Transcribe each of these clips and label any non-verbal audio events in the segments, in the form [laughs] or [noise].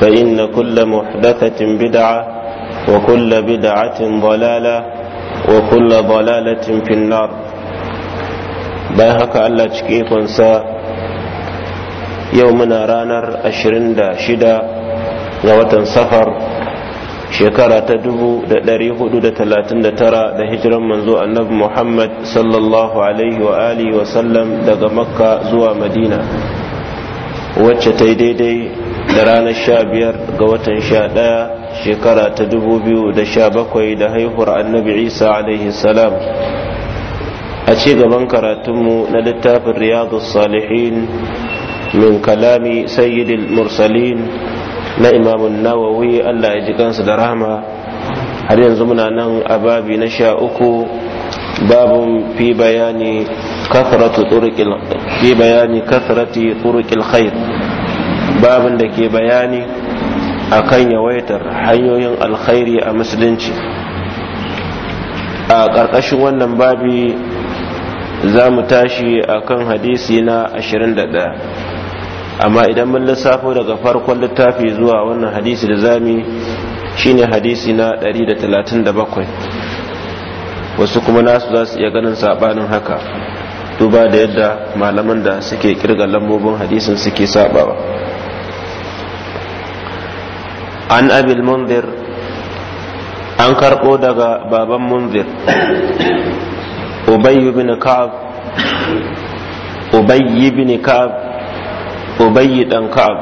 فإن كل محدثة بدعة وكل بدعة ضلالة وكل ضلالة في النار باهك ألا تشكيكم سا يومنا رانر أشرين دا شدا watan سفر shekara ta dubu da ɗari hudu da talatin da tara da hijiran manzo annabi muhammad sallallahu alaihi wa wa sallam daga makka zuwa madina wacce ta daidai da ranar sha biyar ga watan sha ɗaya shekara ta dubu biyu da sha bakwai da haihuwar annabi isa alaihi salam a ci gaban karatunmu na littafin riyadu salihin min kalami sayyidil mursalin na imamun nawawi allah ya ji kansu da rahama har yanzu muna nan a babi na sha uku babun fi bayani كثرة طرق babin da ke bayani a kan yawaitar hanyoyin alkhairi a musulunci a ƙarƙashin wannan babi za mu tashi a kan hadisi na 21 amma idan mun lissafo daga farkon littafi zuwa wannan hadisi da zami shine hadisi na 137 wasu kuma nasu za su iya ganin saɓanin haka duba da yadda malaman da suke kirga lambobin hadisin suke saɓawa. an abil munzir an karɓo daga baban munzir ubayy bin ka'ab ubayy bin ka'ab ubayy dan ka'ab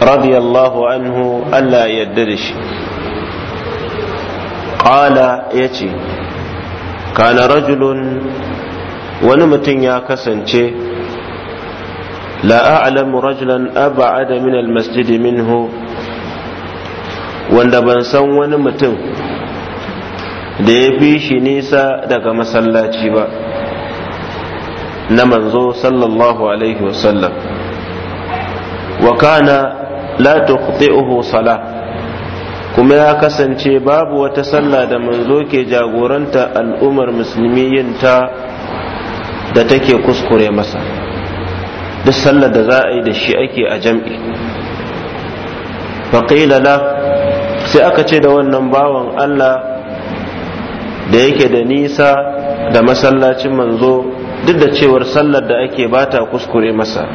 radiyallahu anhu Allah ya yarda da shi qala yace kana rajulun wani mutum ya kasance la a'lamu rajulan ab'ada min al-masjid minhu wanda ban san wani mutum da ya fi shi nisa daga masallaci ba na manzo sallallahu alaihi wasallam wa kana la tuqti'uhu sala kuma ya kasance babu wata sallah da manzo ke jagoranta al'ummar musulmi yin ta da take kuskure masa duk sallar da za a yi da shi ake a jam'i faƙila la sai aka ce da wannan bawan Allah da yake da nisa da masallacin manzo duk da cewar sallar da ake bata kuskure masa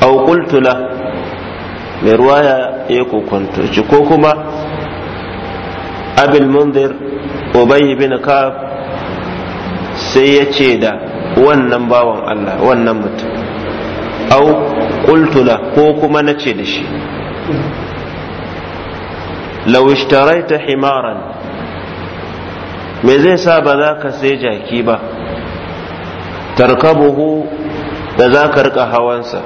au mai ruwaya ya kokonto ci ko kuma abil mundir ubay bin kaf. sai ya ce da wannan bawan Allah wannan mutum au ko kuma nace da shi law ta himaran me zai sa ba za ka sai jaki ba tarkabuhu da za ka rika hawansa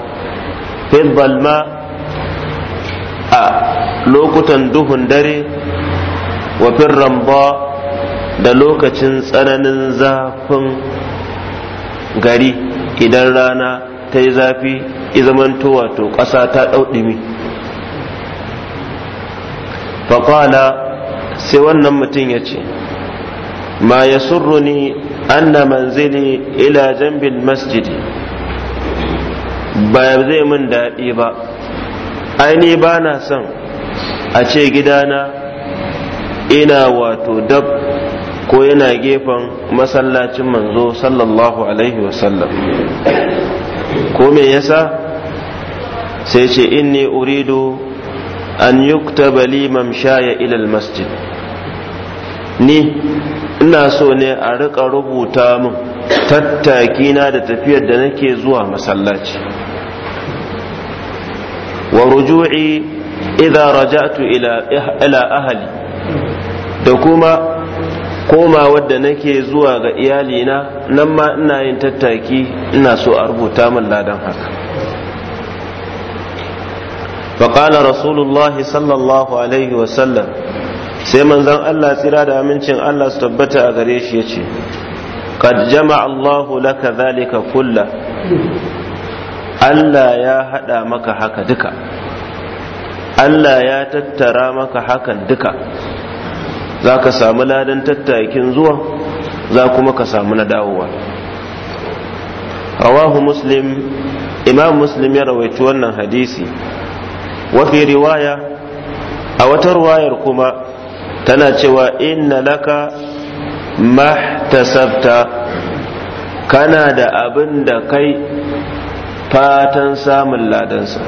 fil balma a lokutan duhun dare wafin ramba da lokacin tsananin zafin gari idan rana ta yi zafi izamanto wato ƙasa ta ɗauɗumi faƙala sai wannan mutum ya ce ma ya surruni anna manzili ila jambin masjidi ba zai min daɗi ba aini ba na son a ce gidana ina wato dab ko yana gefen masallacin manzo sallallahu alaihi wasallam ko me yasa sai ce inni uridu an yuktaba li mamshaya ila almasjid ni ina so ne a riƙa rubuta min na da tafiyar da nake zuwa masallaci wa ruju'i idza raja'tu ila eh, ila ahli da kuma koma wadda nake zuwa ga iyalina nan ma ina yin tattaki ina so a rubuta min ladan haka فقال رسول الله صلى الله عليه وسلم sai manzon Allah tsira da amincin Allah su tabbata a gare shi yace qad jama'a Allahu laka zalika kulla Allah ya hada maka haka duka Allah ya tattara maka hakan duka za ka samu ladan tattakin zuwa za kuma ka samu na dawowa rawahu ya rawaici wannan hadisi wafi riwaya a wata ruwayar kuma tana cewa inna laka mahtasabta kana da abin da kai fatan samun ladansa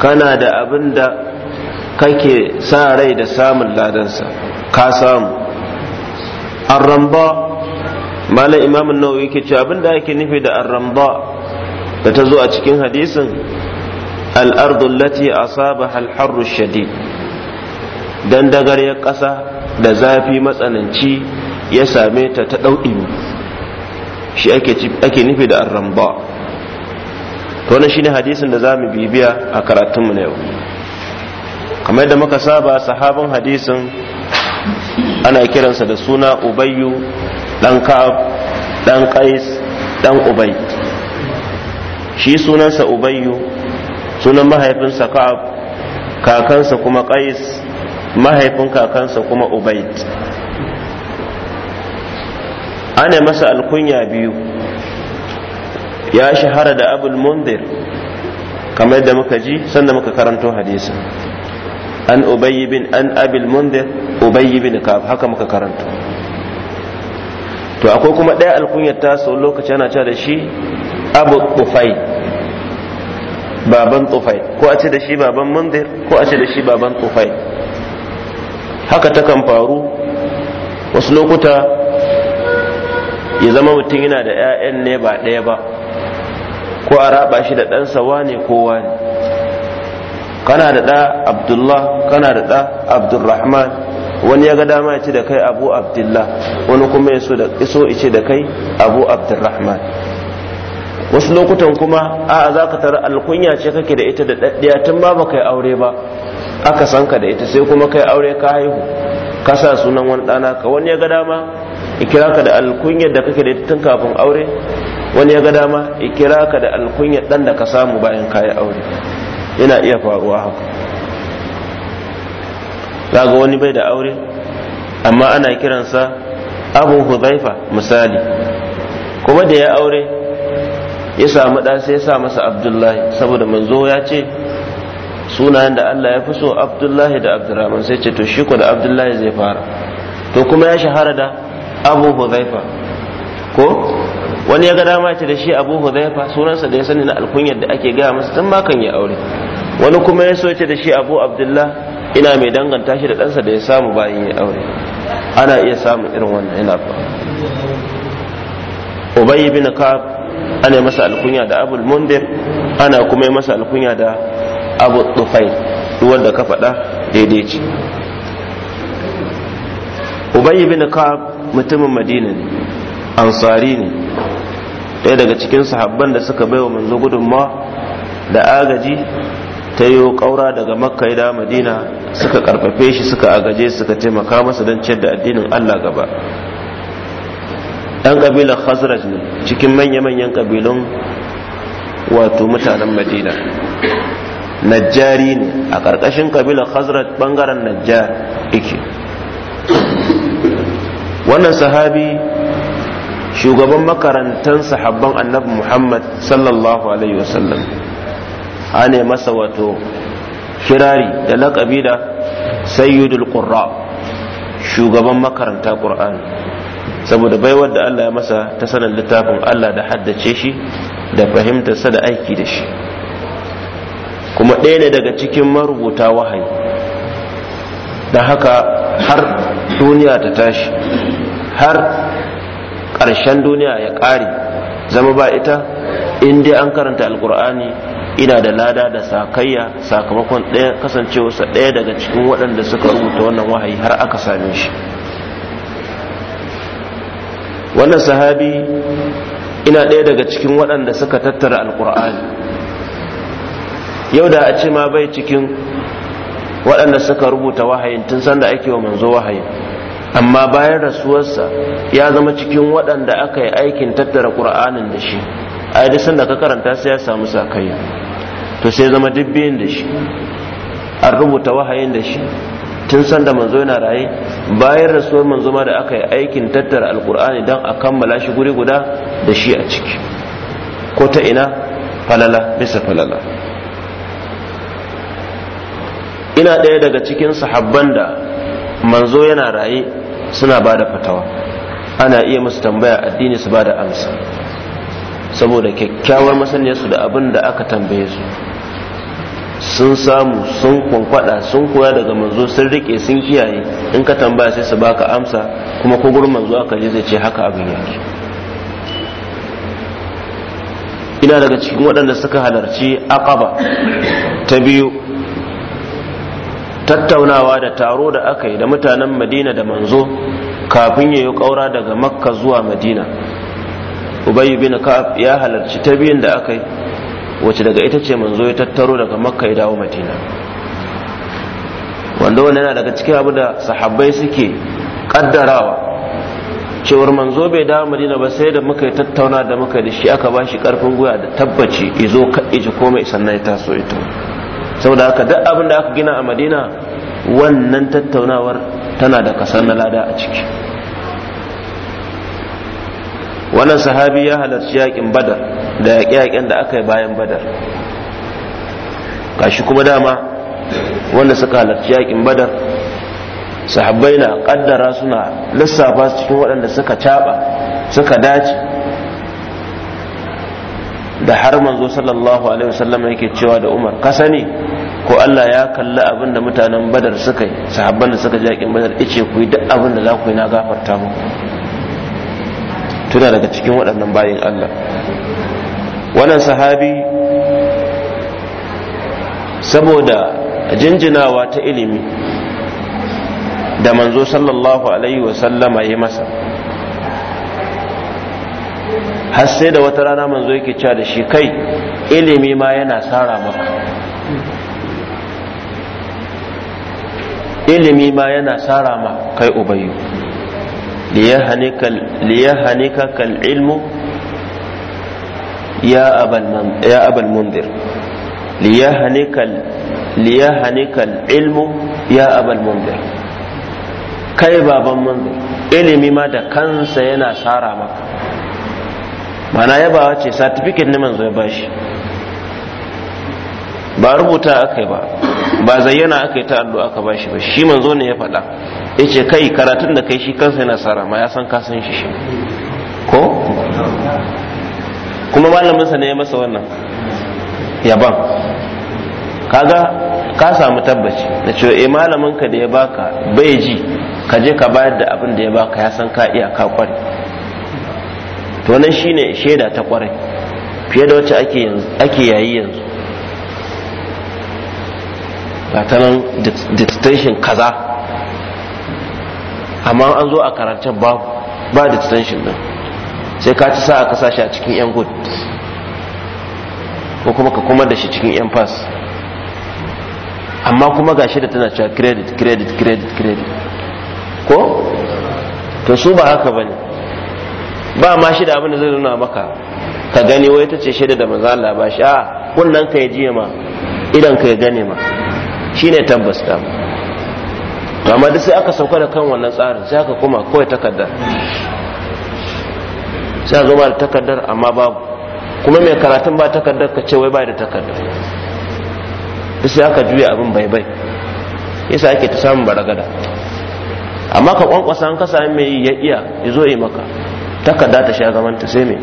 kana da abin da kake sa rai da samun ladansa ka samu arramba malam imamun nawawi yake cewa abin da ake nufi da arramba da ta zo a cikin hadisin lati a saba الحر الشديد don ya ƙasa da zafi matsananci ya same ta ta ɗauɗimi shi ake nufi da arramba to shi shine hadisin da zamu bibiya a karatunmu na yau kamar yadda muka saba sahabin hadisin ana kiransa da suna ubayyu dan ka'ab dan qais dan ubai shi sunansa ubayyu sunan mahaifinsa ka'ab kakansa kuma qais mahaifin kakansa kuma ubaid ana masa alkunya biyu ya shahara da abul mundir kamar da muka ji sannan muka karanto hadisi an ubayy bin an abul mundir ubayy bin ka'ab haka muka karanto to akwai kuma ɗaya alkunyar taso lokaci ana cewa da shi abu tufai baban tufai ko a ce da shi baban mundir ko a ce da shi baban tufai haka takan faru wasu lokuta ya zama mutum yana da 'ya'yan ne ba ɗaya ba ko a raba shi da ɗansa wane ko wane kana da ɗa abdullah kana da ɗa abdulrahman wani ya ga dama ya ce da kai abu abdullah wani kuma ya so ice da kai abu abdulrahman wasu lokutan kuma a za ka tara alkunya ce kake da ita da daddiya tun ba baka yi aure ba aka san ka da ita sai kuma kai aure ka haihu ka sa sunan wani ɗana ka wani ya ga dama ikira ka da alkunyar da kake da ita tun kafin aure wani ya ga dama ikira ka da alkunyar ɗan da ka samu bayan ka yi aure yana iya faruwa haka za ga wani bai da aure amma ana kiransa abu huzaifa misali kuma da ya aure ya samu ɗa sai ya sa masa abdullahi saboda manzo ya ce sunayen da Allah ya fi so abdullahi da abdurrahman sai ce to shi ko da abdullahi zai fara to kuma ya shahara da abu huzaifa ko wani ya ga dama ce da shi abu huzaifa sunansa da ya sani na alkunyar da ake gaya masa tun bakan ya aure wani kuma ya so ce da shi abu abdullah ina mai danganta shi da ɗansa da ya samu bayan ya aure ana iya samun irin wannan yana ba ubayi bin ka. ana masa alkunya da abul mundir ana kuma yi masa alkunya da abu tufai duk da ka faɗa daidai ce ubayi bin ka'ab mutumin madina ne ansari ne ɗaya daga cikin sahabban da suka baiwa manzo gudunmawa da agaji ta yi ƙaura daga makka da madina suka karfafe shi suka agaje suka taimaka masa don ciyar da addinin allah gaba ɗan ƙabilar khazraj ne cikin manya-manyan ƙabilun wato mutanen madina najjari ne a ƙarƙashin ƙabilar khazraj ɓangaren najjar ike wannan sahabi shugaban makarantar sahabban annabi muhammad sallallahu alaihi wasallam ane masa wato kirari da laƙabi da sayyidul ƙurra shugaban makaranta ƙur'ani saboda baiwar da Allah ya masa ta sanin littafin Allah da haddace shi da fahimtarsa da aiki da shi kuma ɗaya ne daga cikin marubuta wahayi da haka har duniya ta tashi har ƙarshen duniya ya ƙare zama ba ita in dai an karanta alkur'ani ina da lada da sakayya sakamakon ɗaya kasancewarsa ɗaya daga cikin waɗanda suka rubuta wannan wahayi har aka same shi wannan sahabi ina ɗaya daga cikin waɗanda suka tattara alkur'ani yau da a ce ma bai cikin waɗanda suka rubuta wahayin tun sanda ake wa manzo wahayin amma bayan rasuwarsa ya zama cikin waɗanda aka yi aikin tattara ƙura'anin da shi a yi sanda ka karanta sai ya samu sakayya to sai zama dubbin da shi an rubuta wahayin da shi tun sanda manzo yana raye bayan rasuwar manzo ma da aka yi aikin tattara alkur'ani don a kammala shi guri guda da shi a ciki ko ta ina falala bisa falala ina ɗaya daga cikin sahabban da manzo yana raye suna ba da fatawa ana iya musu tambaya addini su ba da amsa saboda kyakkyawar masaniyarsu da abin da aka tambaye su sun samu sun kwankwada sun koya daga manzo sun rike sun kiyaye in ka tambaya sai su baka amsa kuma ko gurin manzo aka je zai ce haka abin yake ina daga cikin waɗanda suka halarci aqaba ta biyu tattaunawa da taro da aka yi da mutanen madina da manzo kafin ya yi daga makka zuwa madina ubayi bin ka'ab ya halarci ta biyun da aka yi wacce daga ita ce manzo ya tattaro daga makka ya dawo madina wanda yana daga cikin abu da sahabbai suke kaddarawa cewar manzo bai dawo madina ba sai da muka tattauna da muka da shi aka bashi karfin guya da tabbaci izo ka komai sannan ya taso ito saboda haka duk abin da aka gina a madina wannan tattaunawar tana da kasar na lada a ciki wannan sahabi ya halarci yakin badar da yaƙe-yaƙen da aka yi bayan badar kashi kuma dama wanda suka halarci yaƙin badar sahabbai na ƙaddara suna lissafa cikin waɗanda suka caɓa suka dace da har manzo sallallahu alaihi wasallam yake cewa da umar ka sani ko Allah ya kalli abin da mutanen badar suka yi sahabban da suka jaƙin badar ice ku yi duk abin da za ku yi na gafarta muku tuna daga cikin waɗannan bayin Allah wannan sahabi saboda jinjinawa ta ilimi da manzo sallallahu alaihi wasallama ya masa har sai da wata rana manzo yake cewa da shi kai ilimi ma yana sara maka ilimi ma yana ma kai ubayyu liyahanika kal ilmu Ya أبا يا أبا المنذر ليهنك ال... ليهنك العلم يا أبا المنذر kai baban manzo ilimi ma da kansa yana sara maka mana yabawa ce certificate ne manzo ya bashi ba rubuta aka yi ba ba zayyana aka yi ta allo aka bashi ba shi manzo ne ya faɗa ya ce kai karatun da kai shi kansa yana sara ma ya san ka kasan shi shi ko kuma malaminsa ne ya masa wannan yaban kaga ka samu tabbaci na cewa eh malamin ka da ya baka bai ji ka je ka bayar da abin da ya baka ya san ka iya ka kware to nan shine shaida ta kware fiye da wacce ake yanzu ake yayi yanzu ga ta nan detention kaza amma an zo a karantar babu ba detention din sai ka ci sa'a ka sashi a cikin yan gud ko kuma ka kuma da shi cikin yan fas amma kuma gashi da tana cewa credit credit credit credit ko to su ba haka bane ba ma shi da abin da zai nuna maka ka gani wai ta ce shaida da manzo Allah ba shi a kunnan ka ya jiya ma idan ka ya gane ma shine tabbas ta to amma duk sai aka sauka da kan wannan tsarin sai aka kuma kawai takarda sai zo ba da takardar amma babu kuma mai karatun ba takardar ka ce wai ba da takardar sai aka juya abin bai bai yasa ake ta samun baragada amma ka kwankwasa an kasa mai ya iya ya zo yi maka takarda ta sha zaman ta sai mai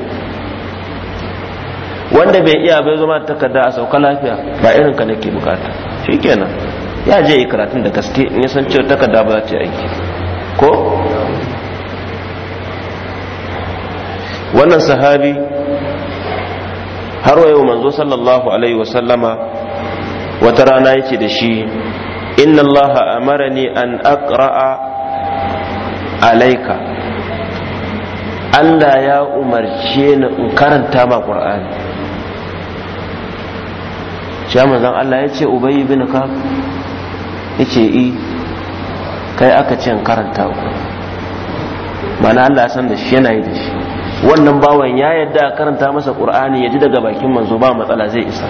wanda bai iya bai ma da takarda a sauka lafiya ba irin ka nake bukata shikenan ya je yi karatun da gaske in ya san cewa takarda ba za ta aiki ko wannan sahabi har wa yau manzo sallallahu alaihi wasallama wata rana yake da shi inna allaha amarani an aqra'a alaika Allah ya umarce ni in karanta ma Qur'ani shi manzon Allah ya ce Ubay ka, Ka'ab ce i eh, kai aka ce in karanta ku mana Allah ya san da shi yana yi da shi wannan bawan ya yadda a karanta masa qur'ani ya ji daga bakin manzo ba matsala zai isa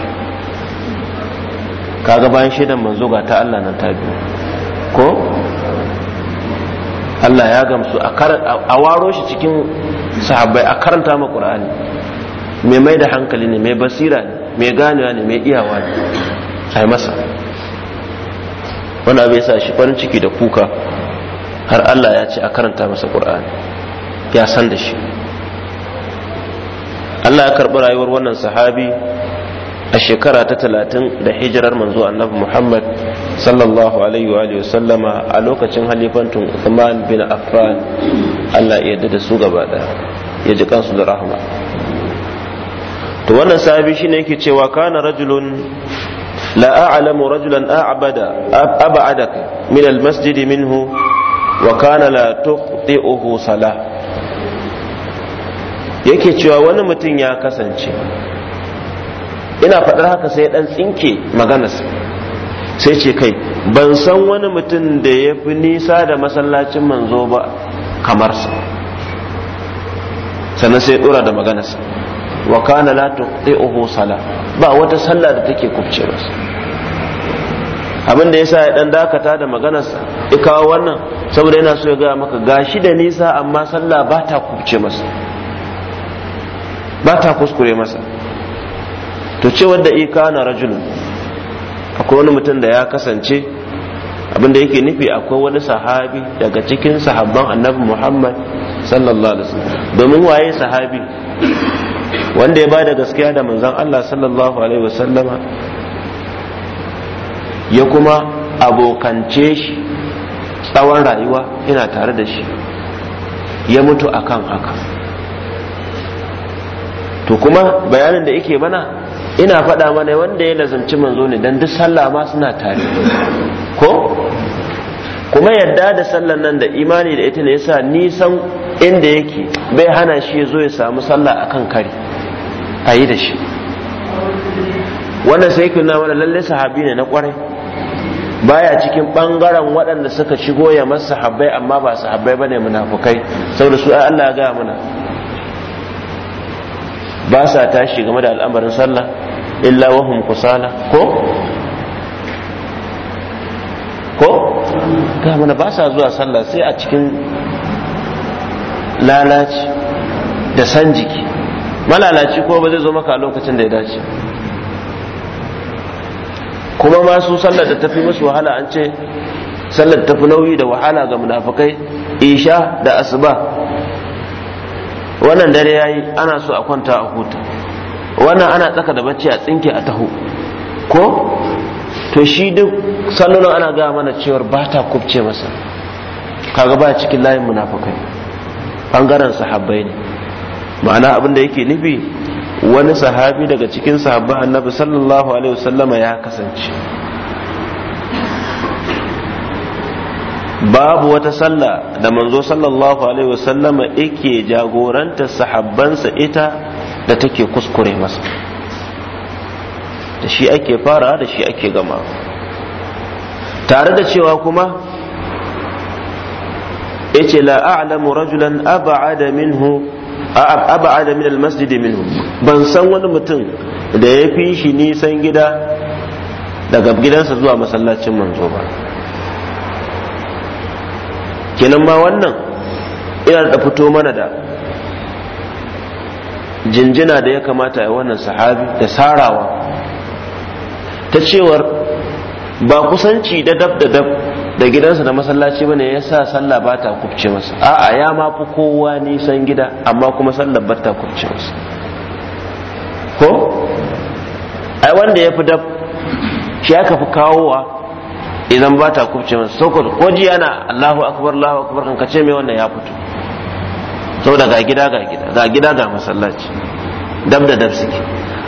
kaga bayan shaidan manzo ga ta Allah nan ta ko Allah ya gamsu a waro shi cikin sahabbai a karanta ma qur'ani mai mai da hankali ne mai basira ne mai ganewa ne mai iyawa ne ai masa wani abu sa shi farin ciki da kuka har Allah ya ce a karanta masa qur'ani ya san da shi Allah ya karɓi rayuwar wannan sahabi a shekara ta talatin da hijirar manzo annabi Muhammad sallallahu alaihi wa sallama a lokacin halifantun Uthman bin Affan Allah ya yarda da su gaba ɗaya ya ji kansu da rahama to wannan sahabi shine yake cewa kana rajulun la a'lamu rajulan a'bada ab'adaka min al-masjid minhu wa kana la tuqti'uhu salah yake cewa wani mutum ya kasance ina faɗar haka sai ɗan tsinke maganas sai ce kai ban san wani mutum da ya fi nisa da masallacin manzo ba kamar sa sannan sai ɗora da maganas wa kana la tuqi'uhu sala ba wata sallah da take kubce ba abin da yasa ya dan dakata da sa ya kawo wannan saboda yana so ya gaya maka gashi da nisa amma sallah ba ta kubce masa ba ta kuskure masa to ce wadda ika na rajul akwai wani mutum da ya kasance abinda yake nufi akwai wani sahabi daga cikin sahabban annabi muhammad sallallahu alaihi wasallam domin waye sahabi wanda ya bada gaskiya da manzon allah sallallahu alaihi wasallama ya kuma abokance shi tsawon rayuwa yana tare da shi ya mutu akan haka to kuma bayanin da yake mana ina faɗa mana wanda ya lazamci manzo ne dan duk sallah ma suna tare ko kuma yadda da sallan nan da imani da ita ne yasa san inda yake bai hana shi ya zo ya samu sallah akan kari a yi da shi wannan sai kuna mana lalle sahabi ne na kwarai baya cikin bangaren waɗanda suka shigo ya masa sahabbai amma ba sahabbai bane munafukai saboda su Allah ya gaya mana ba sa tashi game da al'amarin sallah illa wahum kusala ko ko ga mana ba sa zuwa sallah sai a cikin lalaci da san jiki malalaci ko ba zai zo maka lokacin da ya dace kuma masu sallar da tafi musu wahala an ce sallar tafi nauyi da wahala ga munafikai isha da asuba wannan dare yayi ana so a kwanta a huta wannan ana tsaka da bacci a tsinke a taho ko to shi duk sallolin ana ga mana cewa ba ta kubce masa kaga ba cikin layin munafukai bangaren sahabbai ne ma'ana abin da yake nufi wani sahabi daga cikin sahabban annabi sallallahu alaihi wasallama ya kasance babu wata sallah da manzo sallallahu alaihi wasallama yake jagoranta sahabbansa ita da take kuskure masa da shi ake fara da shi ake gama tare da cewa kuma yace la a'lamu rajulan ab'ada minhu ab'ada min al-masjid minhu ban san wani mutum da ya fi shi nisan gida daga gidansa zuwa masallacin manzo ba kenan ma wannan ina da fito mana da jinjina da ya kamata ya wannan sahabi da sarawa ta cewar ba kusanci da dab da dab da gidansa da masallaci bane ya sa sallah ba ta kubce masa a'a ya ma fi kowa nisan gida amma kuma sallah ba ta kubce masa ko ai wanda ya fi dab shi aka fi kawowa idan ba ta kubce masa saukar ko ji yana Allahu akbar Allahu akbar kan kace mai wannan ya fito Sau ga gida ga gida ga gida ga masallaci dab da dab suke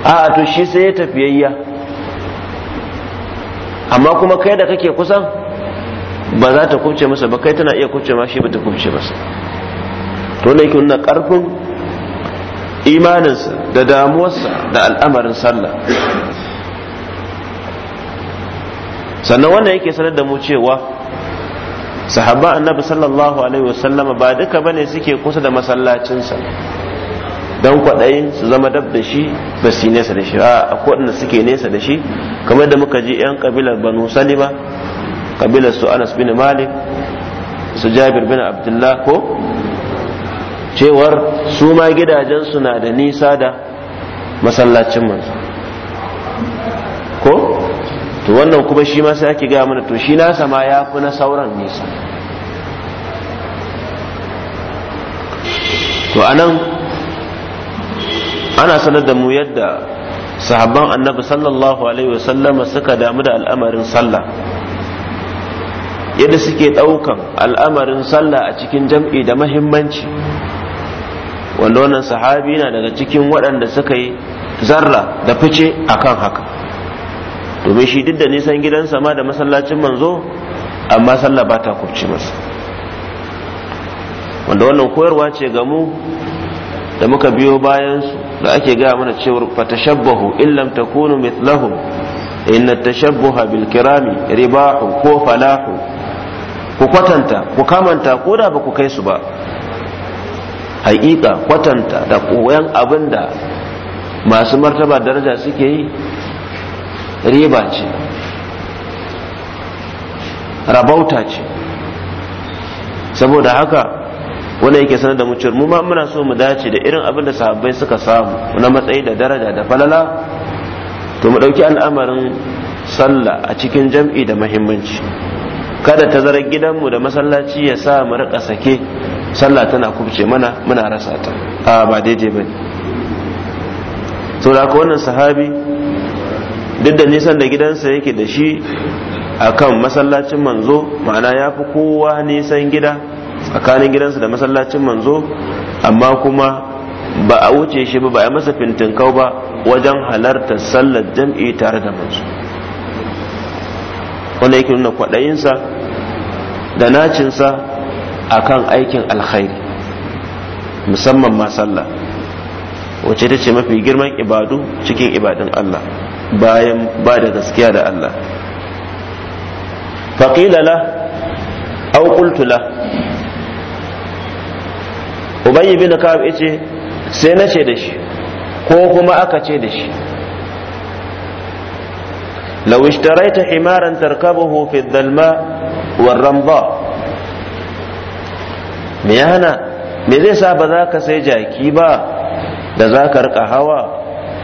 a to shi sai ya tafiyayya amma kuma kai da kake kusan ba za ta kubce masa ba kai tana iya kubce ma shi ba ta kubce masa to ne yake nuna karfin imaninsa da damuwarsa da al'amarin sallah sannan wannan yake sanar da mu cewa sahabba annabi sallallahu alaihi wasallama ba duka bane suke kusa da masallacinsa don kwaɗayin su zama dab da shi ba su nesa da shi a suke nesa da shi kamar da muka ji 'yan kabilar banu salima kabilar su anas bin malik su jabir bin abdullah ko cewar su ma gidajensu na da nisa da masallacin manzo to wannan kuma shi ma sai ake gaya mana to shi nasa ma ya fi na sauran nisa to anan ana sanar da mu yadda sahabban annabi sallallahu alaihi wasallama suka damu da al'amarin sallah yadda suke ɗaukan al'amarin sallah a cikin jam'i da mahimmanci wanda wannan sahabi na daga cikin waɗanda suka yi zarra da fice akan haka domin shi duk da nisan gidansa ma da masallacin manzo amma sallah ba ta kubce masa wanda wannan koyarwa ce ga mu da muka biyo bayan su da ake gaya mana cewar fatashabbahu in takunu mithlahum inna tashabbaha bil kirami ribahu ko falahu ku kwatanta ku kamanta ko da ba ku kai su ba haƙiƙa kwatanta da koyan abin da masu martaba daraja suke yi riba ce rabauta ce saboda haka wanda yake sanar da mu mu ma muna so mu dace da irin abin da sahabbai suka samu na matsayi da daraja da falala to mu ɗauki al'amarin sallah a cikin jam'i da mahimmanci kada ta zarar gidanmu da masallaci ya sa mu rika sake sallah tana kubce mana muna rasa ta a ba daidai bane to da wannan sahabi duk da nisan da gidansa yake da shi akan masallacin manzo ma'ana ya fi kowa nisan gida tsakanin gidansa da masallacin manzo amma kuma ba a wuce shi ba ba a masa fintinkau ba wajen halartar sallar jam'i tare da manzo wanda yake nuna kwaɗayinsa da nacinsa akan aikin alkhairi musamman masalla sallah wacce ta ce mafi girman ibadu cikin ibadun Allah bayan ba da gaskiya da Allah faƙila la au qultu la ubayy bin ka'ab yace sai na ce da shi ko kuma aka ce da shi لو اشتريت حمارا تركبه dalma الظلماء والرمضاء me yana me zai sa ba za ka sai jaki ba da za ka rika hawa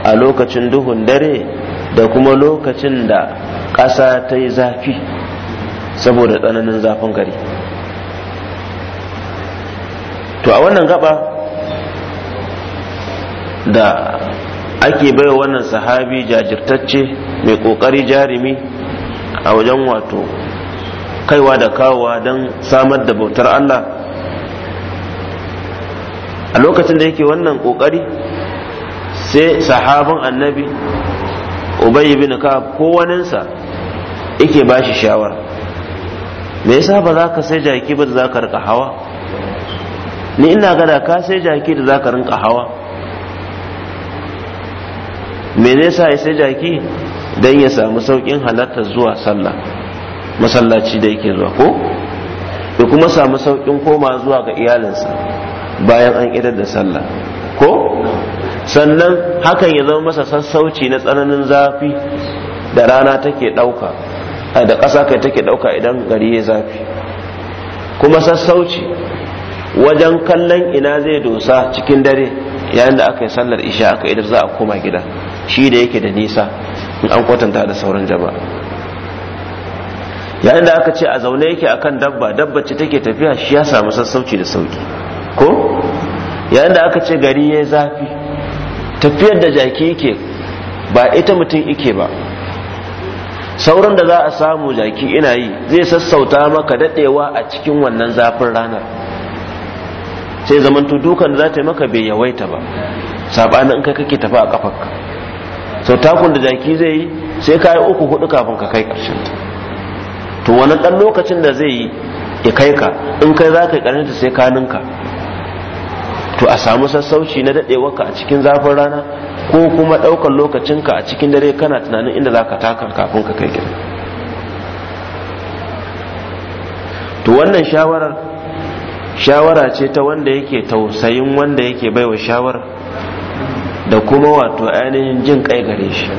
a lokacin duhun dare da kuma lokacin da ƙasa ta yi zafi saboda tsananin zafin gari to a wannan gaba da ake baiwa wannan sahabi jajirtacce mai ƙoƙari jarimi a wajen wato kaiwa da kawowa don samar da bautar Allah a lokacin da yake wannan ƙoƙari sai sahabin annabi ubay ibn ka'ab ko waninsa yake ba shi shawara me yasa ba za ka sai jaki ba da za ka rika hawa ni ina gada ka sai jaki da za ka rinka hawa me ne sa ya sai jaki don ya samu sauƙin halartar zuwa sallah masallaci da yake zuwa ko da kuma samu sauƙin koma zuwa ga iyalinsa bayan an idar da sallah ko sannan hakan ya zama masa sassauci na tsananin zafi da rana take ɗauka da ƙasa kai take ɗauka idan gari ya zafi kuma sassauci wajen kallon ina zai dosa cikin dare yayin da aka yi sallar isha aka idar za a koma gida shi da yake da nisa in an kwatanta da sauran jama'a yayin da aka ce a zaune yake akan dabba dabba ce take tafiya shi ya samu sassauci da sauki ko yayin da aka ce gari ya zafi tafiyar da jaki yake ba ita mutum yake ba sauran da za a samu jaki ina yi zai sassauta maka daɗewa a cikin wannan zafin ranar sai zamanto dukan za ta yi maka bai yawaita ba saɓanin in kai kake tafi a kafarka sau takun da jaki zai yi sai ka yi uku hudu kafin ka kai ƙarshen to wani ɗan lokacin da zai yi ya kai ka in kai za ka yi ƙarshen sai ka ninka to a samu sassauci na daɗewarka a cikin zafin rana ko kuma ɗaukar lokacinka a cikin dare kana tunanin inda za ka taka kafin ka kai gida to wannan shawarar shawara ce ta wanda yake tausayin wanda yake baiwa shawara da kuma wato ainihin jin kai gare shi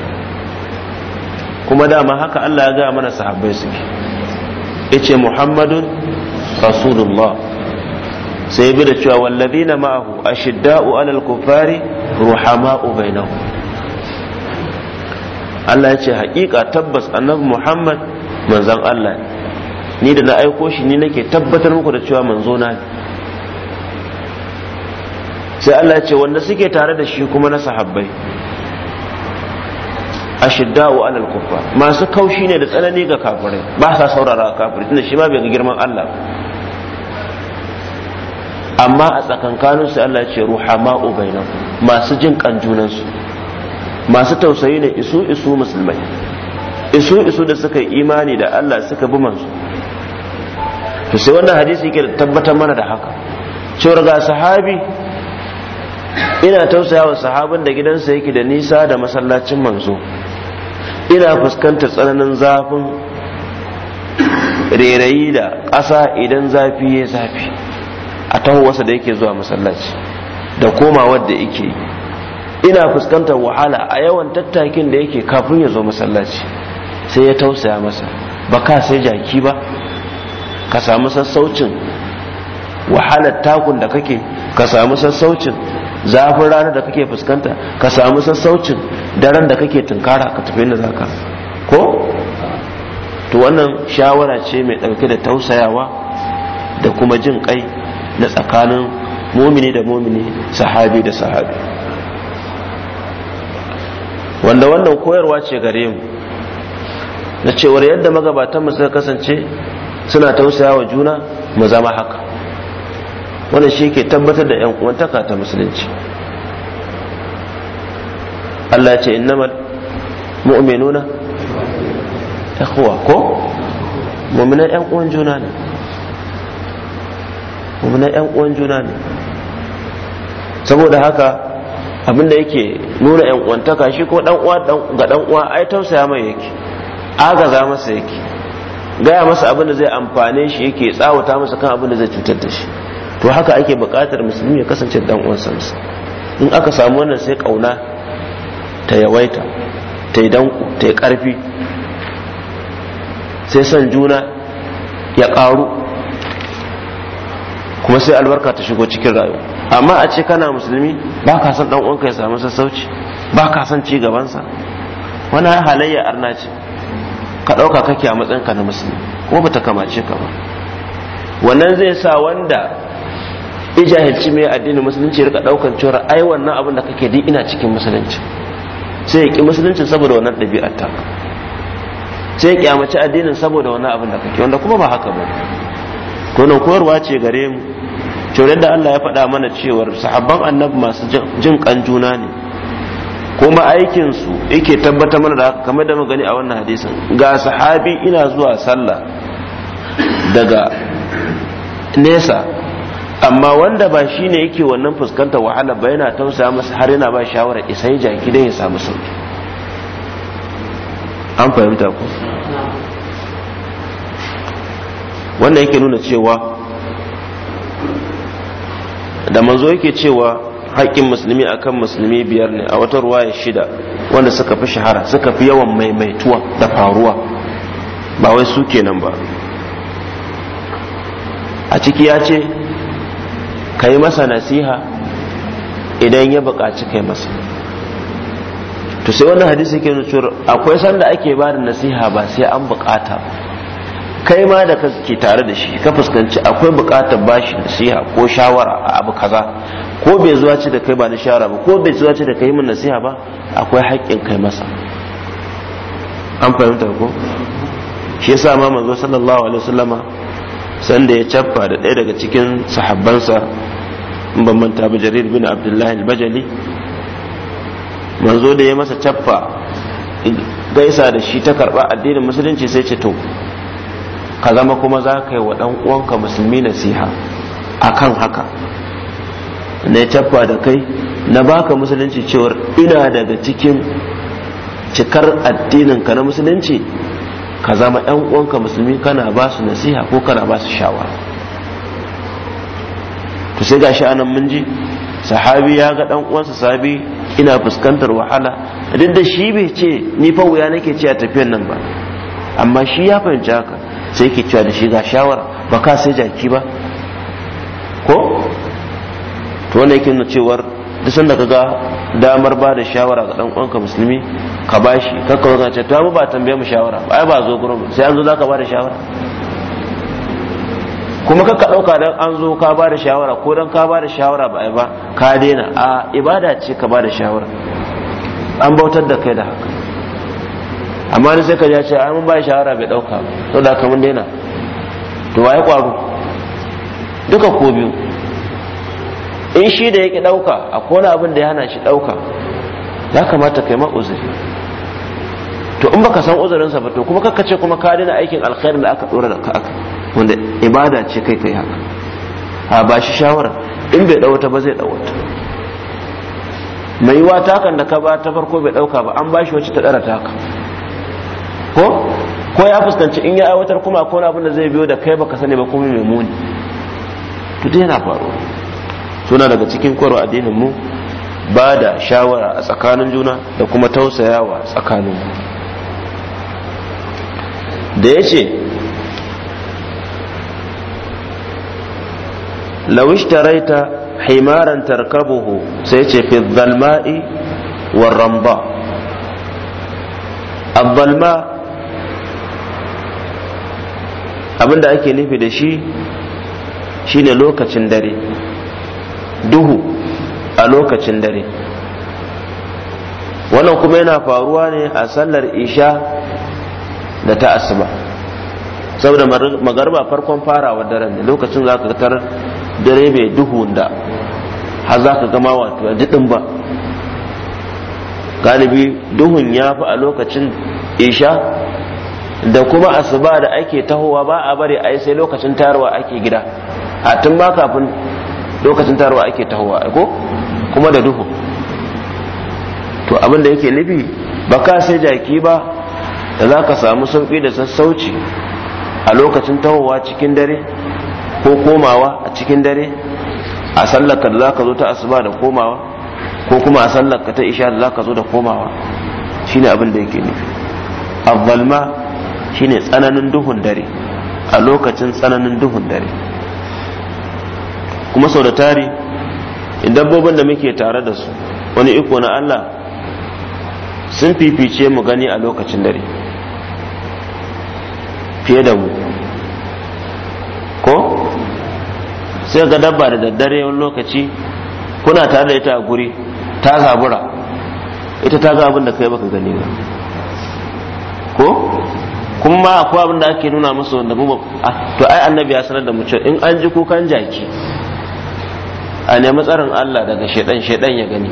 kuma dama haka Allah ya ga mana sahabbai suke yace Muhammadun Rasulullah sai bi da cewa wallazina ma'ahu ashidda'u 'alal kufari ruhama'u bainahum Allah ya ce haƙiƙa tabbas annabi Muhammad manzon Allah ni da na aiko shi ni nake tabbatar muku da cewa manzo na sai Allah ya ce wanda suke tare da shi kuma na sahabbai ashidda'u 'alal kufar masu kaushi ne da tsanani ga kafirai ba sa saurara kafirai tunda shi ma bai ga girman Allah ba amma a su Allah ce ruhama'u bainan masu jin kan junansu masu tausayi ne isu isu musulmai isu isu da suka yi imani da Allah suka bi mansu to sai wannan hadisi yake tabbatar mana da haka cewar ga sahabi ina tausaya wa sahabin da gidansa yake da nisa da masallacin manzo ina fuskantar tsananin zafin rairayi da ƙasa idan zafi ya zafi a tahowarsa da yake zuwa masallaci da komawar da yake ina fuskantar wahala a yawan tattakin da yake kafin ya zo masallaci sai ya tausaya masa ba ka sai jaki ba ka samu sassaucin wahalar takun da kake ka samu sassaucin zafin rana da kake fuskanta ka samu sassaucin daren da kake tunkara ka tafi da zaka ko to wannan shawara ce mai ɗauke da tausayawa da kuma jin kai na tsakanin mumini da mumini sahabi da sahabi wanda wannan koyarwa ce gare mu na cewar yadda magabatanmu suka kasance suna tausaya wa juna mu zama haka wannan shi ke tabbatar da yan uwantaka ta musulunci Allah ce innamal mu'minuna ikhwa ko mu'minan yan uwan juna ne kuma na yan uwan juna ne saboda haka abin da yake nuna yan uwantaka shi ko dan uwa ga dan uwa ai tausaya mai yake agaza masa yake gaya masa abin da zai amfane shi yake tsawata masa kan abin da zai cutar da shi to haka ake buƙatar musulmi ya kasance dan uwansa in aka samu wannan sai kauna ta yawaita ta yi danku ta yi ƙarfi sai son juna ya ƙaru kuma sai albarka ta shigo cikin rayuwa amma a ce kana musulmi ba ka san dan uwanka ya samu sassauci ba ka san ci gabansa wani halayya arna ce ka ɗauka kake a matsayin ka na musulmi kuma bata kamace ka ba wannan zai sa wanda ijahilci mai addinin musulunci ya rika ɗaukan cewa ai wannan abin da kake di ina cikin musulunci sai ya ki musulunci saboda wannan ɗabi'ar ta sai ya kiyamaci addinin saboda wannan abin da kake wanda kuma ba haka ba to koyarwa ce gare mu cewar yadda Allah ya faɗa mana cewar sahabban annabi masu jin kan juna ne kuma aikin su yake tabbatar mana da kamar da gani a wannan hadisin ga sahabi ina zuwa sallah daga nesa amma wanda ba shi ne yake wannan fuskantar wahala ba yana tausaya masa har yana ba shawara isai jaki dan ya samu sauki an fahimta ku wanda yake nuna cewa da manzo yake cewa haƙƙin musulmi akan musulmi biyar ne a wata ruwa ya shida wanda suka fi shahara suka fi yawan maimaituwa da faruwa ba wai su kenan ba a ciki ya ce ka yi masa nasiha idan ya buƙaci kai masa to sai wannan hadisi ke nuna akwai sanda ake ba da nasiha ba sai an buƙata kai ma da ke tare da shi ka fuskanci akwai buƙatar bashi nasiha ko shawara a abu kaza ko bai zuwa ce da kai ba na shawara ba ko bai zuwa ce da kai min nasiha ba akwai haƙƙin kai masa an fahimta ko shi yasa ma manzo sallallahu alaihi wasallama sanda ya cappa da ɗaya daga cikin sahabbansa in ban manta ba jarir bin abdullahi al-bajali manzo da ya masa cappa gaisa da shi ta karba addinin musulunci sai ce to ka zama kuma za ka yi wa ɗan uwanka musulmi nasiha akan haka na tabba da kai na baka musulunci cewar ina daga cikin cikar addininka na musulunci ka zama ɗan uwanka musulmi kana ba su nasiha ko kana ba su shawara sai gashi anan mun ji sahabi ya ga ɗan uwansa sahabi ina fuskantar wahala duk da shi bai ce ni fa wuya nake ce a tafiyan nan ba amma shi ya fahimci haka sai ke cewa da shi ga shawara ba ka sai jaki ba ko to wanda yake nuna cewar duk sanda ka ga damar ba da shawara ga dan uwanka musulmi ka bashi kakka zo ce to ba tambaye mu shawara ai ba zo gurin sai an zo zaka ba da shawara kuma kakka dauka dan an zo ka ba da shawara ko dan ka ba da shawara ba ai ba ka daina a ibada ce ka ba da shawara an bautar da kai da haka amma ni sai ka ja ce ai mun ba shawara bai dauka to da kamun mun daina to waye kwaro duka ko biyu in shi da yake dauka akwai wani abin da ya hana shi dauka ya kamata kai ma uzuri to in baka san uzurinsa ba to kuma kakka ce kuma ka daina aikin alkhairin da aka dora da ka aka wanda ibada ce kai kai haka a ba shi shawara in bai dauta ba zai dauta mai yiwa takan da ka ba ta farko bai dauka ba an ba shi wacce ta dara taka ko ko ya fuskanci in ya aiwatar kuma ko na abin da zai biyo da kai baka sani ba kuma mai muni to dai yana faru suna daga cikin kwaro addinin mu ba da shawara a tsakanin juna da kuma tausayawa tsakanin mu. da ya ce taraita himaran tarkabuhu sai ce fi zalma'i wa ramba abbalma abinda ake nufi da shi shine lokacin dare duhu a lokacin dare wannan kuma yana faruwa ne a sallar isha da ta asuba saboda magarba farkon farawa daren ne lokacin za ka tar dare mai duhu da har za ka gama wato a didin ba galibi duhun ya fi a lokacin isha da kuma asuba da ake tahowa ba a bari ai sai lokacin tarwa ake gida a tun ba kafin lokacin tarwa ake tahowa ko kuma da duhu to abin da yake nufi ba ka sai jaki ba da za ka samu sauki da sassauci a lokacin tahowa cikin dare ko komawa a cikin dare a sallaka da za ka zo ta asuba da komawa ko kuma a sallaka ta isha da za ka zo da komawa shine abin da yake nufi abbalma shine tsananin duhun dare a lokacin tsananin duhun dare kuma sau da tari dabbobin da muke tare da su wani iko na Allah sun fifice mu gani a lokacin dare fiye da mu ko sai ga dabba da daddare wani lokaci kuna tare da ita a guri ta zabura ita ta ga da kai baka gani ba ko kuma ma akwai abin da ake nuna musu wanda mu to ai annabi ya sanar da mu in an ji kukan jaki a nemi tsarin Allah daga shedan shedan ya gani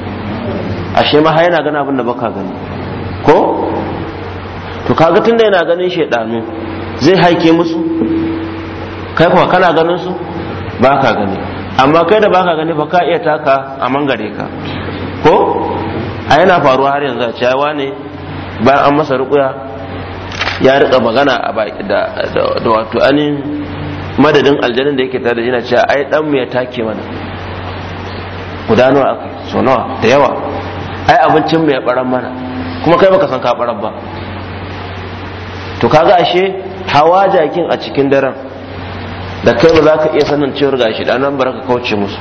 ashe ma har yana gani abin da baka gani ko to kaga tunda yana ganin shedanu zai haike musu kai kuma kana ganin su baka gani amma kai da baka gani ba ka iya taka a mangare ka ko a yana faruwa har yanzu a ciyawa ne bayan an masa rukuya ya rika magana a da wato anin madadin aljanin da yake tare da yana cewa ai dan mu ya take mana gudanuwa aka so nawa da yawa ai abincin mu ya baran mana kuma kai baka san ka baran ba to kaga ashe hawa jakin a cikin daren da kai ba za ka iya sanin cewar gashi da nan baraka kauce musu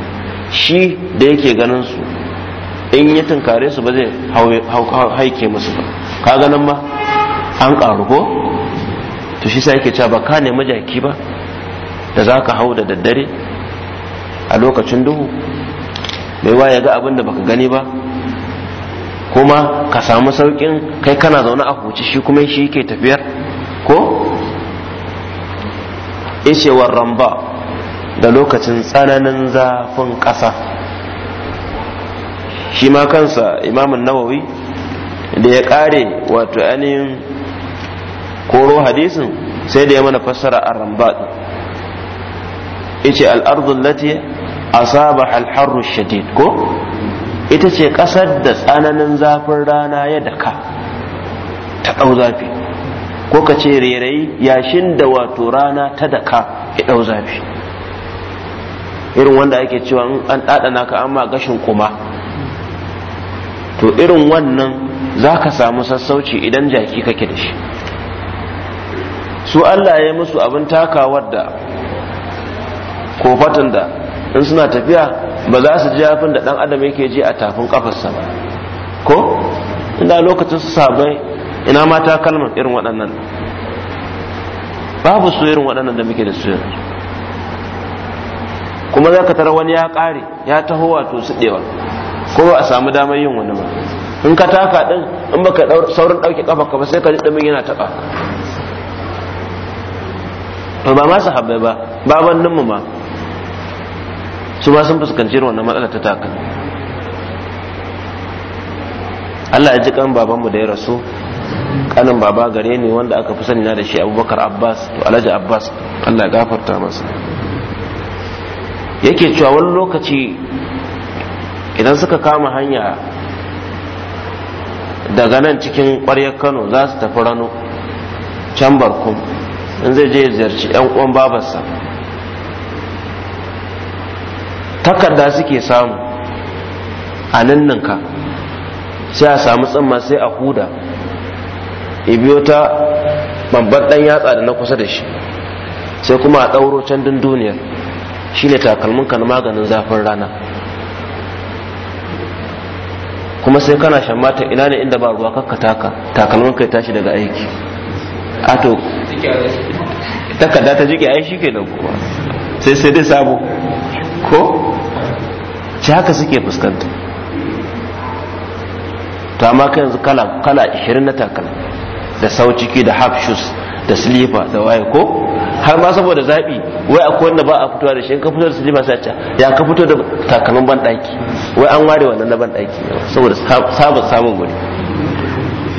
shi da yake ganin su in ya tunkare su ba zai haike musu ba ka ganin ma an karu ko to shi sa yake cewa ba ka nemi jaki ba da za ka hau da daddare a lokacin duhu mai wa ya ga abin da baka gani ba kuma ka samu saukin kai kana zaune a huci shi kuma shi yake tafiyar ko ishewar ramba da lokacin tsananin zafin ƙasa shi ma kansa imamun nawawi da ya ƙare wato ainihin koro hadisin sai da ya mana fassara a rambat yace al shadid ko ita ce ƙasar da tsananin zafin rana ya daka ta ɗau zafi ko ka ce rerayi yashin da wato rana ta daka ya ɗau zafi irin wanda ake cewa an ɗaɗana ka amma gashin kuma to irin wannan za ka samu sassauci idan jaki kake da shi su Allah ya musu abin takawar da kofatan da in suna tafiya ba za su ji yafin da dan adam yake ji a tafin kafarsa ba ko inda lokacin su sabai ina mata kalmar irin waɗannan babu su irin waɗannan da muke da su kuma za ka tara wani ya ƙare ya taho wato ɗewa ko ba a samu damar yin wani ba in ka taka ɗin in ka saurin ɗauke kafa ka ba sai ka ji ɗumin yana taɓa to ba masu haɓe ba babannin mu ma su ma sun fuskanci irin wannan matsalar ta taka. Allah ya ji kan babanmu da ya rasu kanin baba gare ne wanda aka fi sani na da shi abubakar abbas to alhaji abbas Allah ya gafarta masa yake cewa wani lokaci idan suka kama hanya daga nan cikin ƙwaryar kano za su tafi rano can barkun in zai je ziyarci yan uwan babarsa takarda suke samu a ninninka sai a samu tsamma sai a huda ibiyo ta babban dan yatsa da na kusa da shi sai kuma a ɗauro can dunduniyar shi ne takalminka na maganin zafin rana kuma sai kana shan mata ina ne inda ba ruwa kakka taka takalminka ya tashi daga aiki a to takarda ta jike ai ke da kuma sai sai dai sabo ko ci haka suke fuskanta to amma kai yanzu kala kala 20 na takalma da sau ciki da half shoes da silifa da waye ko har ma saboda zaɓi wai akwai wanda ba a fitowa da shi in ka fito da silifa sai a ya ka fito da takalman ban ɗaki wai an ware wannan na ban ɗaki saboda sabon samun guri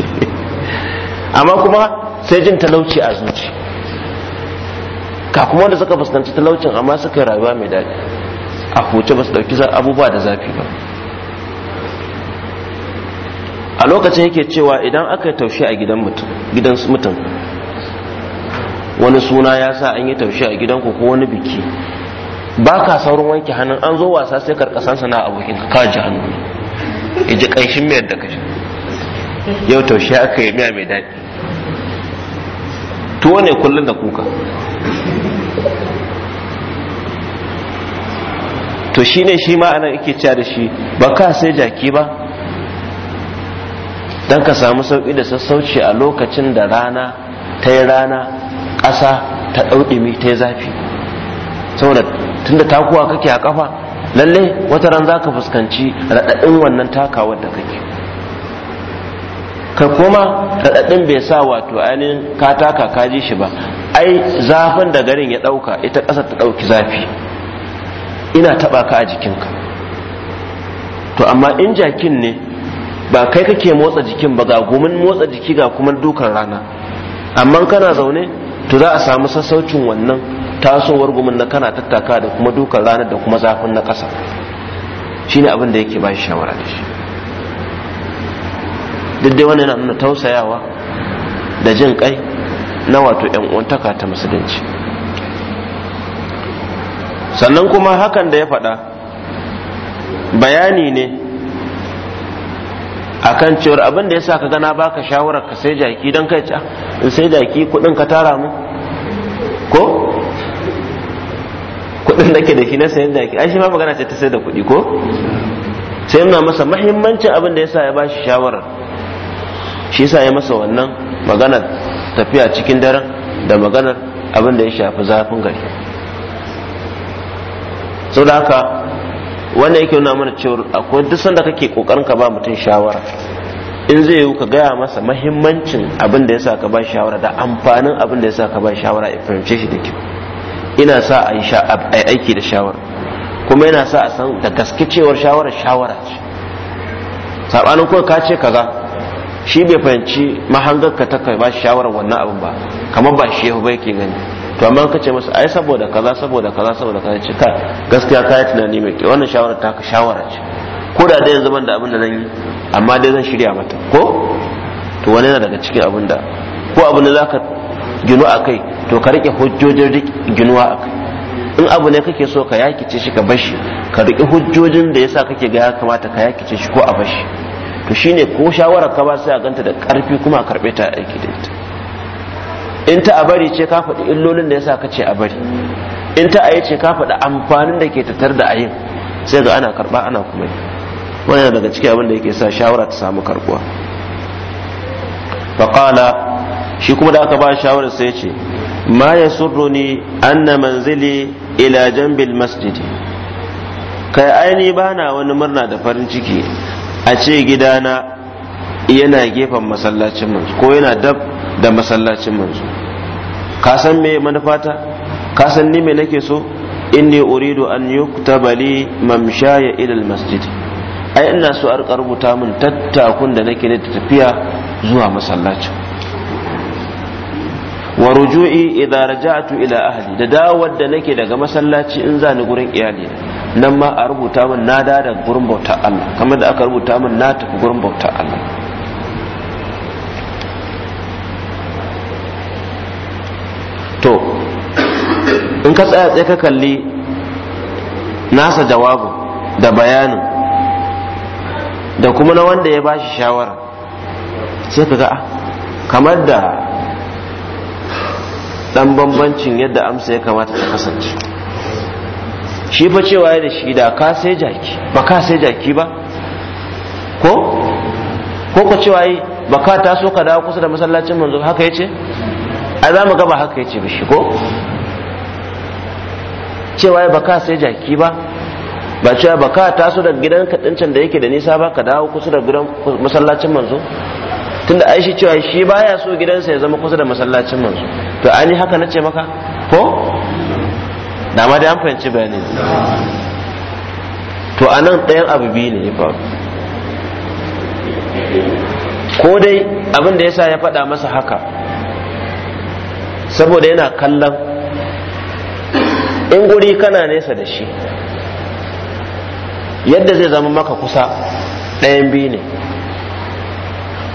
[laughs] amma kuma sai jin talauci a zuci ka kuma wanda suka fuskanci talaucin amma suka rayuwa mai daɗi a huce ba su ɗauki abubuwa da zafi ba a lokacin yake cewa idan aka yi taushe a gidan mutum wani suna ya sa an yi taushe a gidanku ko wani biki ba ka saurin wanke hannun an zo wasa sai karkasansa na abokin ka ji hannu ya ji ƙanshin mayar da kashi yau taushe aka yi miya mai daɗi tuwo ne kullum da kuka to shi ne shi ma'ana ake cewa da shi ba ka sai jaki ba don ka samu sauƙi da sassauci a lokacin da rana ta yi rana ƙasa ta ɗauɗimi ta yi zafi saboda tunda takuwa kake a ƙafa lalle wata ran za ka fuskanci raɗaɗin wannan takawar da kake ka koma raɗaɗin bai sa wato ainihin ka taka ka ji shi ba ai zafin da garin ya ɗauka ita ƙasa ta ɗauki zafi ina taɓa ka a jikinka to amma in jakin ne ba kai kake motsa jikin ba ga gumin motsa jiki ga kuma dukan rana amma kana zaune to za a samu sassaucin wannan tasowar gumin na kana tattaka da kuma dukan rana da kuma zafin na ƙasa shine abin da yake ba shi shawara da shi duk dai na nuna tausayawa da jin kai na wato yan uwantaka ta musulunci sannan kuma hakan da ya faɗa bayani ne a kan cewar abin da sa ka gana baka shawarar ka sai jaki don kai ca in sai jaki kudin ka tara mu ko kudin da ke da shi na sayan jaki ai shi ma magana ce ta sai da kudi ko sai yana masa mahimmancin abin da sa ya bashi shawarar shi yasa ya masa wannan maganar tafiya cikin daren da maganar abin da ya shafi zafin gari sau da haka wanda yake nuna mana cewa akwai duk sanda kake kokarin ka ba mutum shawara in zai yiwu ka gaya masa mahimmancin abin da yasa ka ba shawara da amfanin abin da yasa ka ba shawara ya fahimce shi da kyau ina sa a yi aiki da shawara kuma yana sa a san da gaske cewar shawara shawara ce sabanin kuma ka ce ka kaza shi bai fahimci mahangarka ta kai ba shi shawarar wannan abin ba kamar ba shi yahu ba yake gani to amma ka ce masa ai saboda kaza saboda kaza saboda kaza ce ka gaskiya yi tunani mai kyau wannan shawarar ta ka shawara ce ko da dai yanzu ban da abin da zan yi amma dai zan shirya mata ko to wani yana daga cikin abin da ko abin da zaka ginu a kai to ka rike hujjojin ginuwa a kai in abu ne kake so ka yakice shi ka bashi ka rike hujjojin da yasa kake ga ya kamata ka yakice shi ko a bashi to shine ko shawarar ka ba sai a ganta da karfi kuma a karbe ta aiki da ita in ta a bari ce ka faɗi illolin da yasa ka ce a bari in ta a yi ce ka faɗi amfanin da ke tattar da ayin sai ga ana karɓa ana kuma yi wannan daga cikin abin da yake sa shawara ta samu karbuwa faƙala shi kuma da aka ba shawarar sai ce ma ya surruni anna manzili ila jambil masjidi kai aini bana wani murna da farin ciki a ce gidana yana gefen masallacin manzo ko yana dab da masallacin manzo ka san me manufata ka san ni me nake so inni uridu an yuktaba li mamshaya ila almasjid ai ina so a rubuta min tattakun da nake da tafiya zuwa masallacin wa ruju'i idza raja'tu ila ahli da dawar da nake daga masallaci in za ni gurin iyali nan ma a rubuta mun na da daga gurin bauta Allah kamar da aka rubuta mun na tafi gurin bauta Allah to in ka tsaya sai ka kalli nasa jawabu da bayanin da kuma na wanda ya bashi shawara sai ka ga ah, kamar da dan bambancin yadda amsa ya kamata ta kasance shi fa cewa da shi da ka sai jaki ba ka sai jaki ba ko ko ka cewa yi ba ka taso ka dawo kusa da masallacin manzo haka yace a za mu gaba haka yace shi ko cewa ba ka sai jaki ba ba cewa ba ka taso daga gidan ka da yake da nisa ba ka dawo kusa da gidan masallacin manzo tunda aishi cewa shi baya so gidansa ya zama kusa da masallacin manzo to ani haka nace maka ko da ma da an fahimci bayanin to a nan ɗayan abu biyu ne ya faru ko dai abin da yasa ya faɗa masa haka saboda yana kallon in guri kana nesa da shi yadda zai zama maka kusa ɗayan biyu ne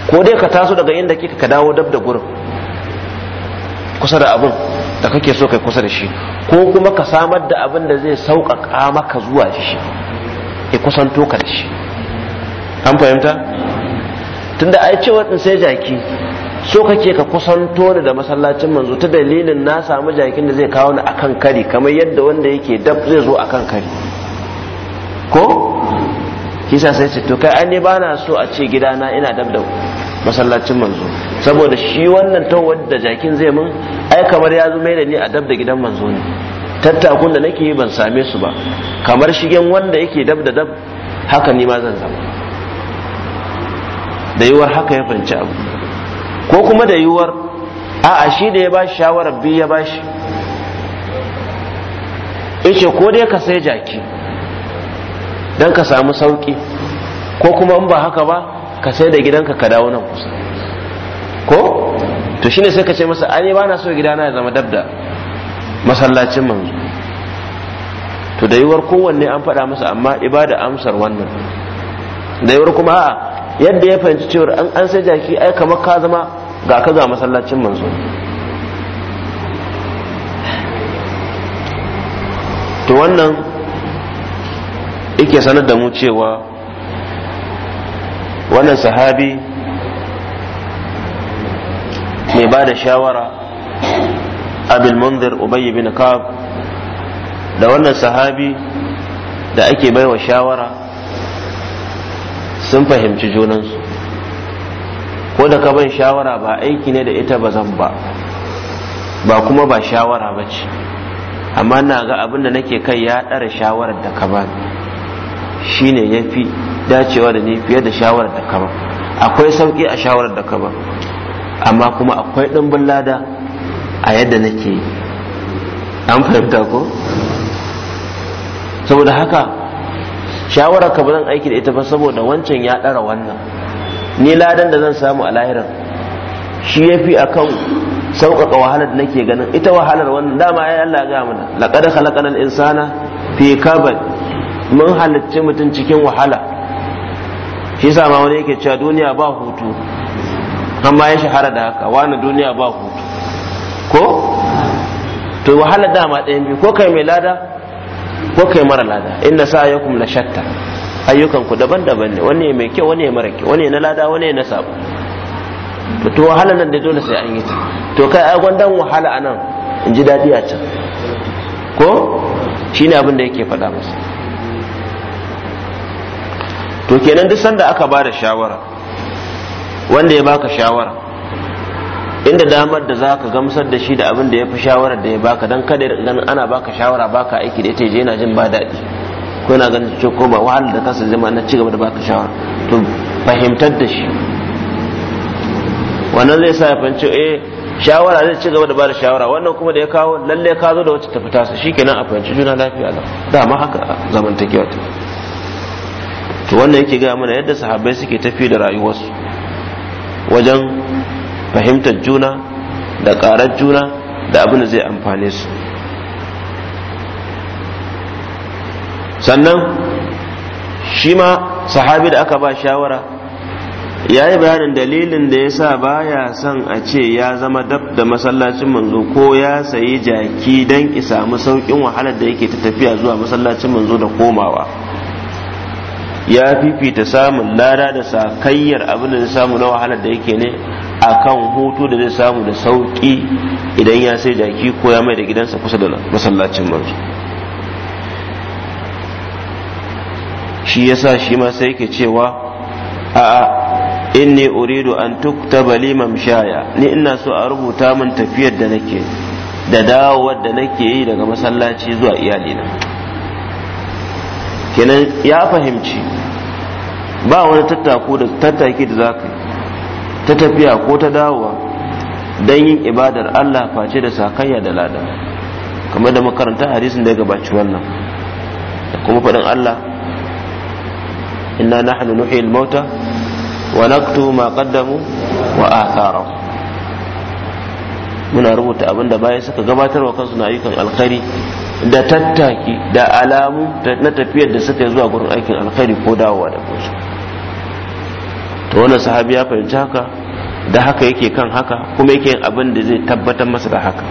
ko dai ka taso daga inda kika ka dawo dab da gurin kusa da abin da kake so kai kusa da shi ko kuma ka samar da abin da zai sauƙaƙa maka zuwa shi ya kusanto ka da shi an fahimta tunda ai cewa din sai jaki so kake ka kusanto ni da masallacin manzo ta dalilin na samu jakin da zai kawo ni akan kari kamar yadda wanda yake dab zai zo akan kari ko kisa sai ce to kai an ne bana so a ce gidana ina dab da masallacin manzo saboda shi wannan tawar da jakin zai mun ai kamar ya zo mai da ni a dab da gidan manzo ne tattakun da nake yi ban same su ba kamar shigen wanda yake dab da dab haka ni ma zan zama da yiwuwar haka ya fanci abu ko kuma da yiwuwar a'a shi da ya ba shi shawarar biyu ya ba shi ce ko dai ka sai jaki don ka samu sauki ko kuma in ba haka ba ka sai da gidanka ka dawo nan kusa ko to shine sai ka ce masa ai ba na so gidana ya zama dabda masallacin manzo to da yiwuwar kowanne an faɗa masa amma ibada amsar wannan da yiwuwar kuma a yadda ya fahimci cewa an an sai jaki ai kamar ka zama ga ka ga masallacin manzo to wannan yake sanar da mu cewa wannan sahabi mai ba da shawara abin munzir ubayy bin kab da wannan sahabi da ake baiwa shawara sun fahimci junansu ko da ka ban shawara ba aiki ne da ita ba zan ba ba kuma ba shawara ba ce amma na ga abin da nake kai ya ɗara shawarar da ka bani ne ya fi dacewa da ni fiye da shawarar da ka akwai sauki a shawarar da ka amma kuma akwai ɗimbin lada a yadda nake an fahimta ko saboda haka shawarar ka ba zan aiki da ita ba saboda wancan ya ɗara wannan ni ladan da zan samu a lahirar shi ya fi a kan sauƙaƙa wahalar da nake ganin ita wahalar wannan dama ya Allah ga mana laƙada khalaqana insana fi kabad mun halicci mutum cikin wahala shi sa ma wani yake cewa duniya ba hutu amma ya shahara da haka wani duniya ba hutu ko to wahala dama ɗayan biyu ko kai mai lada ko kai mara lada inna sa yakum la shatta ayyukan ku daban-daban ne wani mai kyau wani mara kyau wani na lada wani na sabo to to wahala nan da dole sai an yi ta to kai ai gwandan wahala anan in ji dadi a can ko shine abin da yake faɗa masa to kenan duk sanda aka ba da shawara wanda ya baka shawara inda damar da za ka gamsar da shi da abin da ya fi shawarar da ya baka don kada ganin ana baka shawara baka aiki da ita yana jin ba daɗi ko yana ganin cewa ko ba wahala da kasa zama na cigaba da baka shawara to fahimtar da shi wannan zai sa ya fahimci eh shawara zai ci gaba da bada shawara wannan kuma da ya kawo lalle ka zo da wacce ta fita su shikenan a fahimci juna lafiya da ma haka zamantakewa ta to wannan yake ga mana yadda sahabbai suke tafi da rayuwarsu wajen fahimtar juna da ƙarar juna da abin da zai amfane su sannan shi ma sahabi da aka ba shawara ya yi bayanin dalilin da ya sa ba ya son a ce ya zama dab da masallacin manzo ko ya sayi jaki don isamu sauƙin wahalar da yake ta tafiya zuwa masallacin manzo da komawa ya fifita samun lada da sakayyar abin da zai samu na wahalar da yake ne kan hutu da zai samu da sauki idan ya sai jaki ko ya mai da gidansa kusa da masallacin manzo shi yasa shi ma sai yake cewa a'a inni uridu an tuktaba li mamshaya ni ina so a rubuta min tafiyar da nake da dawowar da nake yi daga masallaci zuwa iyalina kenan ya fahimci ba wani tattako da tattaki da zaka ta tafiya ko ta dawowa don yin ibadar Allah face da sakayya da lada kamar da makaranta hadisin da ya gabaci wannan da kuma faɗin Allah ina na hannu al ilmauta wa naktubu ma kaddamu wa atharahum muna rubuta abinda da bayan suka gabatarwa kansu na ayyukan alkari da tattaki da alamu na tafiyar da suka yi zuwa gurin aikin alkhairi ko dawowa da kansu to wannan sahabi ya fahimci haka da haka yake kan haka kuma yake yin abin da zai tabbatar masa da haka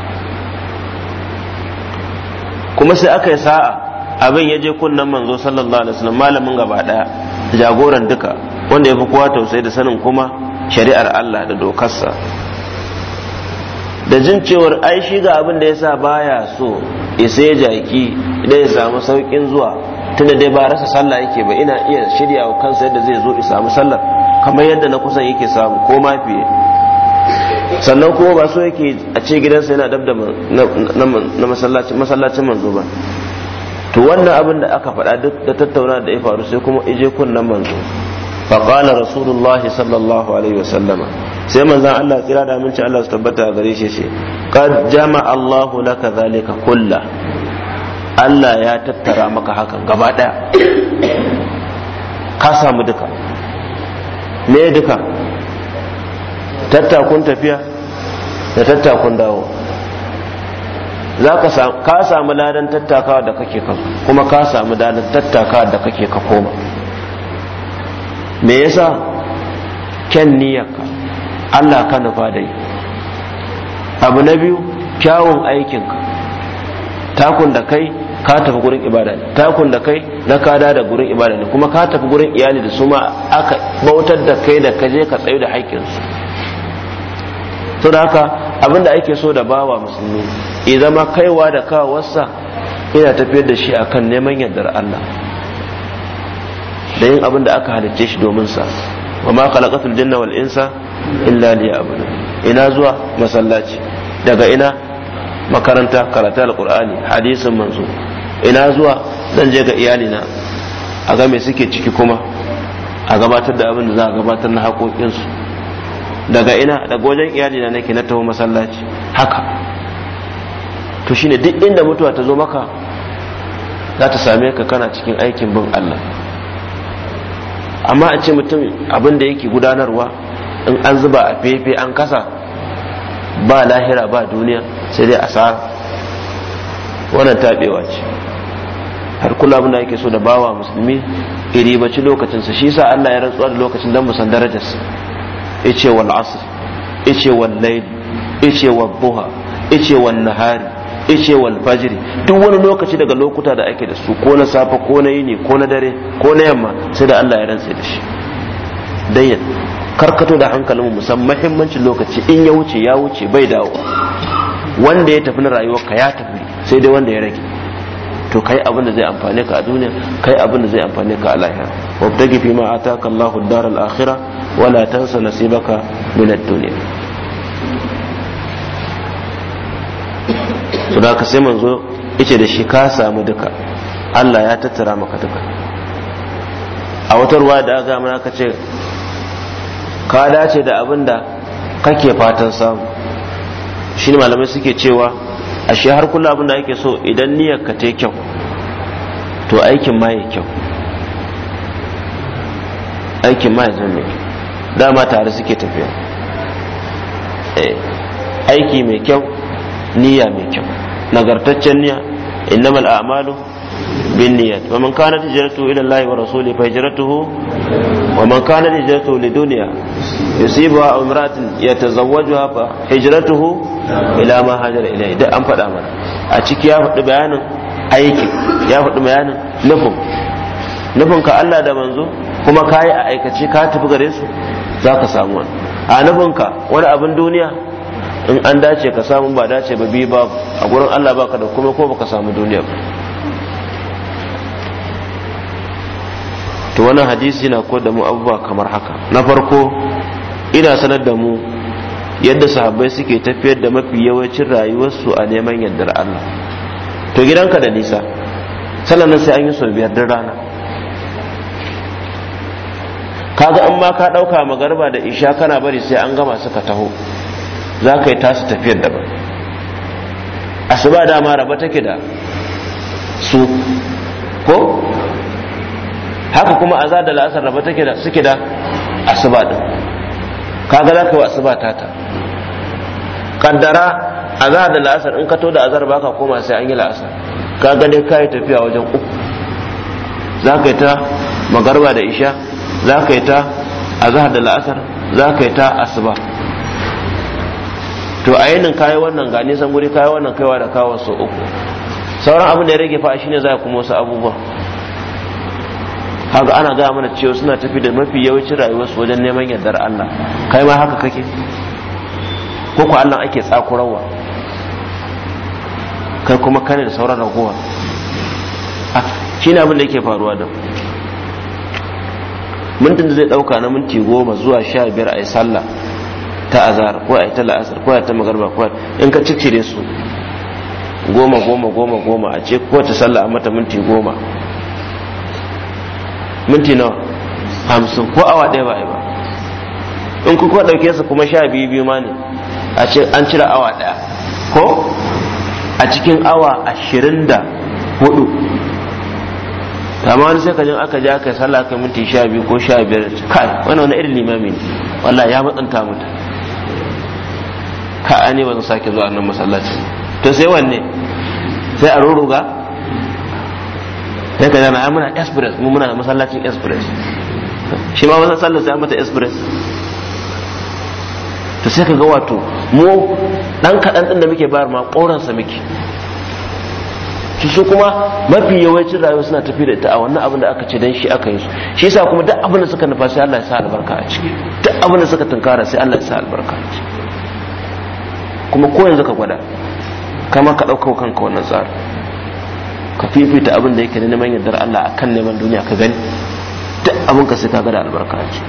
kuma sai aka yi sa'a abin ya je kunnen manzo sallallahu alaihi wasallam malamin gaba daya jagoran duka wanda ya fi kowa tausayi da sanin kuma shari'ar Allah da dokarsa da jin cewar ai shi ga abin da yasa baya so isa jaki idan ya samu saukin zuwa tunda dai ba rasa sallah yake ba ina iya shirya wa kansa yadda zai zo ya samu sallar kamar yadda na kusan yake samu ko ma fiye sannan kuma ba so yake a ce gidansa yana dab da na masallacin manzo ba to wannan abin da aka faɗa duk da tattauna da ya faru sai kuma ije kunnan manzo فقال رسول الله صلى الله عليه وسلم sai manzan Allah tsira da aminci Allah su tabbata gare shi shi qad jama'a Allah laka zalika kulla Allah ya tattara maka hakan gaba daya ka samu duka me duka tattakun tafiya da tattakun dawo za ka samu ladan tattakawa da kake kuma ka samu ladan tattakawa da kake ka koma me yasa kyan niyyarka Allah ka nufa yi. abu na biyu kyawun aikinka takun da kai ka tafi gurin ibada ne takun da kai na kada da gurin ibada ne kuma ka tafi gurin iyali da su ma aka bautar da kai da ka je ka tsayu da haƙƙinsu to da haka abinda ake so da bawa musulmi idan ma kaiwa da kawarsa ina tafiyar da shi akan neman yardar Allah da yin abin da aka halicce shi domin sa wa ma khalaqatul janna wal insa illa liya'budun ina zuwa masallaci daga ina makaranta karatu alqur'ani hadisin manzo ina zuwa zan je ga iyalina a ga me suke ciki kuma a gabatar da abin da za a gabatar na haƙoƙinsu daga ina daga wajen iyalina nake na taho masallaci haka to shine duk inda mutuwa ta zo maka za ta same ka kana cikin aikin bin Allah amma a ce mutum abin da yake gudanarwa in an zuba a fefe an kasa ba lahira ba duniya sai dai asara wannan taɓewa ce har kula abin da yake so da bawa musulmi iribaci lokacinsa shi sa Allah ya rantsuwa da lokacin dan musan darajarsa ice wal asr ice wal layl ice wal duha ice wal nahari ishe wal fajiri duk wani lokaci daga lokuta da ake da su ko na safe ko na yini ko na dare ko na yamma sai da Allah ya rantsa da shi dan yin karkato da hankalin musamman muhimmancin lokaci in ya wuce ya wuce bai dawo wanda ya tafi na ka ya tafi sai dai wanda ya rage to kai abin zai amfane ka a duniya kai abin da zai amfane ka a lahira wabtagi fi ma ataka Allahu ad-dar al-akhirah wala tansa nasibaka min ad-dunya su da ka sai manzo yace da shi ka samu duka Allah ya tattara maka duka a wata ruwa da aka mana ka ce ka dace da abin da kake fatan samu shi ne malamai suke cewa a shi har kula abin da ake so idan niyyar ka ta kyau to aikin ma ya kyau aikin ma ya zama da dama tare suke tafiya eh, aiki mai kyau niyya mai kyau nagartaccen niyya innama al'amalu bin niyyat wa man kana hijratu ila allahi wa rasuli fa hijratuhu wa man kana hijratu lidunya yusibuha aw imra'atin yatazawwajuha fa hijratuhu ila ma hajara ilayhi da an faɗa mana a ciki ya faɗi bayanin aiki, ya faɗi bayanin nufin nufin ka Allah da manzo kuma kai a aikace ka tafi gare su zaka samu wani a nufin ka wani abin duniya in an dace ka samu ba dace ba biyu ba a gurin Allah baka da kuma ko baka samu duniya ba to wannan hadisi na koda mu abubuwa kamar haka na farko ina sanar da mu yadda sahabbai suke tafiyar da mafi yawancin rayuwarsu a neman yardar Allah to gidanka da nisa sannan sai an yi sau biyar da rana kaga an ma ka ɗauka magarba da isha kana bari sai an gama suka taho za ka yi tasu tafiyar daban asuba dama raba take da su ko haka kuma a da la'asar raba take da suke da asuba din kaga za ka yi asuba tata kaddara a za da la'asar in ka to da azar baka koma sai an yi la'asar ka gani ka yi tafiya wajen uku za ka yi ta magarba da isha za ka yi ta za da la'asar za ka yi ta asuba to a yinin kayi wannan ga nisan guri kayi wannan kaiwa da kawo su uku sauran abin da ya rage fa'a shine za kuma wasu abubuwa haka ana gaya mana cewa suna tafi da mafi yawancin rayuwarsu wajen neman yardar Allah kai ma haka kake ko ku Allah ake tsakurawa kai kuma kane da sauran ragowa ah, shine abin da yake faruwa da mintin da zai dauka na minti goma zuwa sha biyar a yi sallah ta azar? ko ayi ta la'asar ko ayi ta magarba ko in ka ciccire su goma goma goma goma a ce ko ta sallah a mata minti goma minti nawa hamsin ko awa ɗaya ba ba in ko ɗauke su kuma sha biyu biyu ma ne a ce an cire awa ɗaya ko a cikin awa ashirin da hudu amma wani sai ka jin aka je aka sallah minti sha biyu ko sha biyar kai wani wani irin limami ne wallah ya matsanta mutane ka ne ba zan sake zuwa nan masallaci to sai wanne sai a ruruga sai ka ai muna express mu muna da masallacin express shi ma wannan sallar sai an mata express to sai ka ga wato mu dan kaɗan ɗin da muke bayar ma ƙoransa muke su su kuma mafi yawancin rayuwa suna tafi da ita a wannan abin da aka ce dan shi aka yi su shi yasa kuma duk abin da suka nufa sai Allah ya sa albarka a ciki duk abin da suka tunkara sai Allah ya sa albarka a ciki kuma ko yanzu ka gwada kama ka ɗauka kanka wannan tsari ka fifita abin da yake neman yardar Allah a kan neman duniya ka gani duk abin ka sai ka gada albarka ce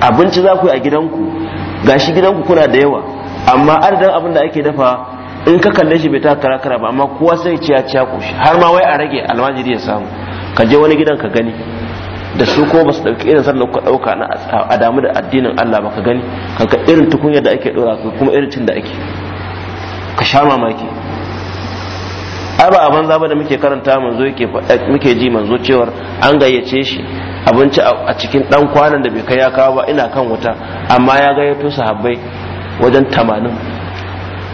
abinci za ku yi a gidanku gashi gidanku kuna da yawa amma adadin abin da ake dafa in ka kalle shi bai ta kara kara ba amma kowa sai ciya ciya shi, har ma wai a rage almajiri ya samu ka je wani gidan ka gani da su ko ba su ɗauki irin sannan ku ɗauka na a damu da addinin Allah ba ka gani kanka irin tukunya da ake ɗora ka kuma irin cin da ake ka sha mamaki ai ba a banza da muke karanta manzo yake muke ji manzo cewar an gayyace shi abinci a cikin dan kwanan da bai kai ya kawo ba ina kan wuta amma ya gayyato sahabbai wajen tamanin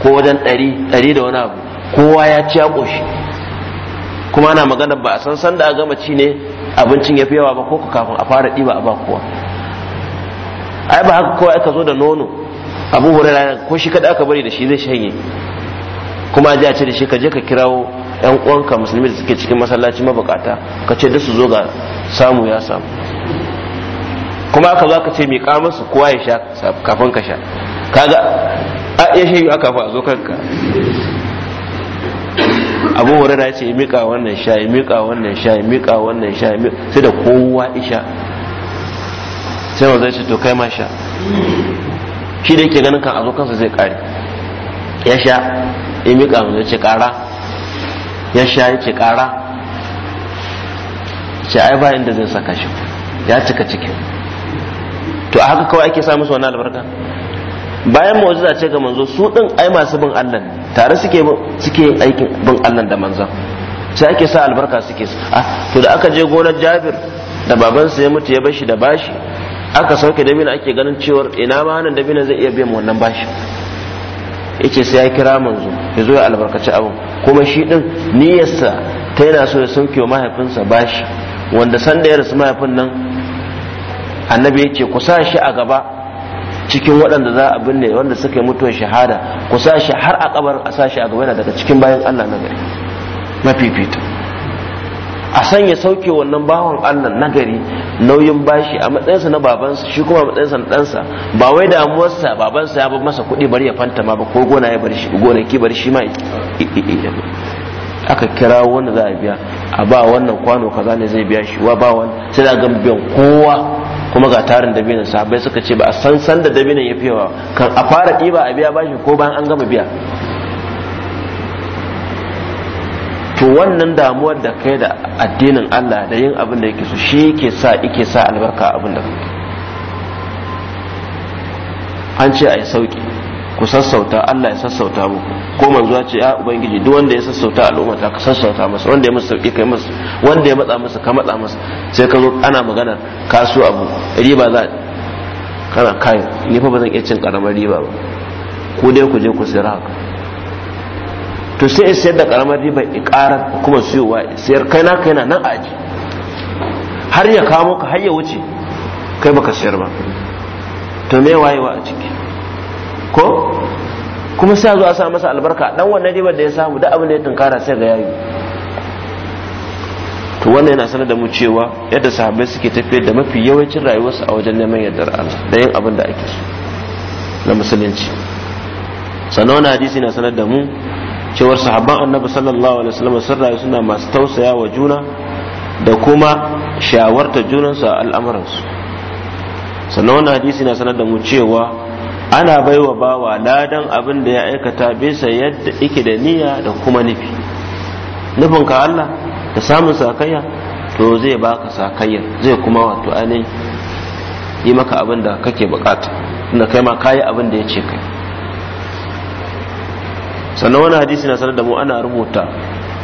ko wajen ɗari ɗari da wani abu kowa ya ci ya ƙoshi kuma ana magana ba a san san da a gama ci ne abincin ya fi yawa ba ko kafin a fara ɗiba a ba kowa ai ba haka kawai aka zo da nono abu rana ko shi kada aka bari da shi zai shanye kuma ji a ce da shi ka je ka kirawo yan uwanka musulmi da suke cikin masallaci mabukata ka ce da su zo ga samu ya samu kuma aka zo aka ce miƙa kama kowa ya sha kafin ka sha kaga a iya shayi aka fa zo kanka abu hurairah ya ce ya miƙa wannan sha ya miƙa wannan sha ya miƙa wannan sha sai da kowa isha sai wanzan shi to kai ma sha shi da yake ganin kan a kansa zai ƙare ya sha ya miƙa wanzan ce ƙara ya sha ya ce ƙara ce ai ba inda zai saka shi ya cika cikin to a haka kawai ake sa su wannan albarka bayan mu'jiza ce ga manzo su din ai masu bin Allah tare suke suke aikin bin Allah da manzo sai ake sa albarka suke su ah to da aka je gonar Jabir da babansa ya mutu ya bashi da bashi aka sauke dabina ake ganin cewar ina ma nan dabina zai iya biyan wannan bashi yace sai ya kira manzo ya zo ya albarkaci abin kuma shi din niyyarsa ta yana so ya sauke wa mahaifinsa bashi wanda sanda ya rasu mahaifin nan annabi yace ku sa shi a gaba cikin waɗanda za a binne wanda suka yi mutuwar shahada ku sa shi har a kabar a sa shi a gaba yana daga cikin bayan Allah na gari mafifita a sanya sauke wannan bawan Allah na gari nauyin bashi a matsayinsa na babansa shi kuma matsayinsa na ɗansa ba wai damuwarsa babansa ya bar masa kuɗi bari ya fanta ma ba ko gona ya bar shi gonaki bar shi ma aka kira wanda za a biya a ba wannan kwano kaza ne zai biya shi wa ba wani sai da kowa kuma ga tarin dabinin sahabbai suka ce ba a san san da dabinin ya fiye kan a fara ɗiba a biya bashi ko bayan an gama biya to wannan damuwar da kai da addinin Allah da yin abin da yake so shi ke sa ike sa albarka abin da an ce a yi sauki ku sassauta Allah ya sassauta mu ko manzo ya ce ya ubangiji duk wanda ya sassauta al'umma ta ka sassauta masa wanda ya masa sauki kai masa wanda ya matsa masa ka matsa masa sai ka zo ana magana kasu abu riba za kana kai ni fa ba zan iya cin karamar riba ba ku dai ku je ku sayar haka to sai sayar da karamar riba ƙara kuma siyowa sayar kai na kai na nan aji har ya kamo ka har ya wuce kai baka sayar ba to me wayewa a ciki ko kuma sai zo a sa masa albarka dan wannan ribar da ya samu duk abin da ya tunkara sai ga yayi to wannan yana sanar da mu cewa yadda sahabbai suke tafiyar da mafi yawancin rayuwarsu a wajen neman yadda Allah da yin abin da ake so na musulunci sannan wani hadisi na sanar da mu cewar sahabban annabi sallallahu alaihi wasallam sun rayu suna masu tausaya wa juna da kuma shawarta junansu a al'amuransu sannan wani hadisi na sanar da mu cewa ana baiwa bawa ladan abin da ya aikata bisa yadda ike da niyya da kuma nufi nufin ka Allah da samun sakayya to zai baka sakayya zai kuma wato ainihin yi maka abin da kake bukata tunda kai ma kayi abin da ya kai sannan wani hadisi na sanar da mu ana rubuta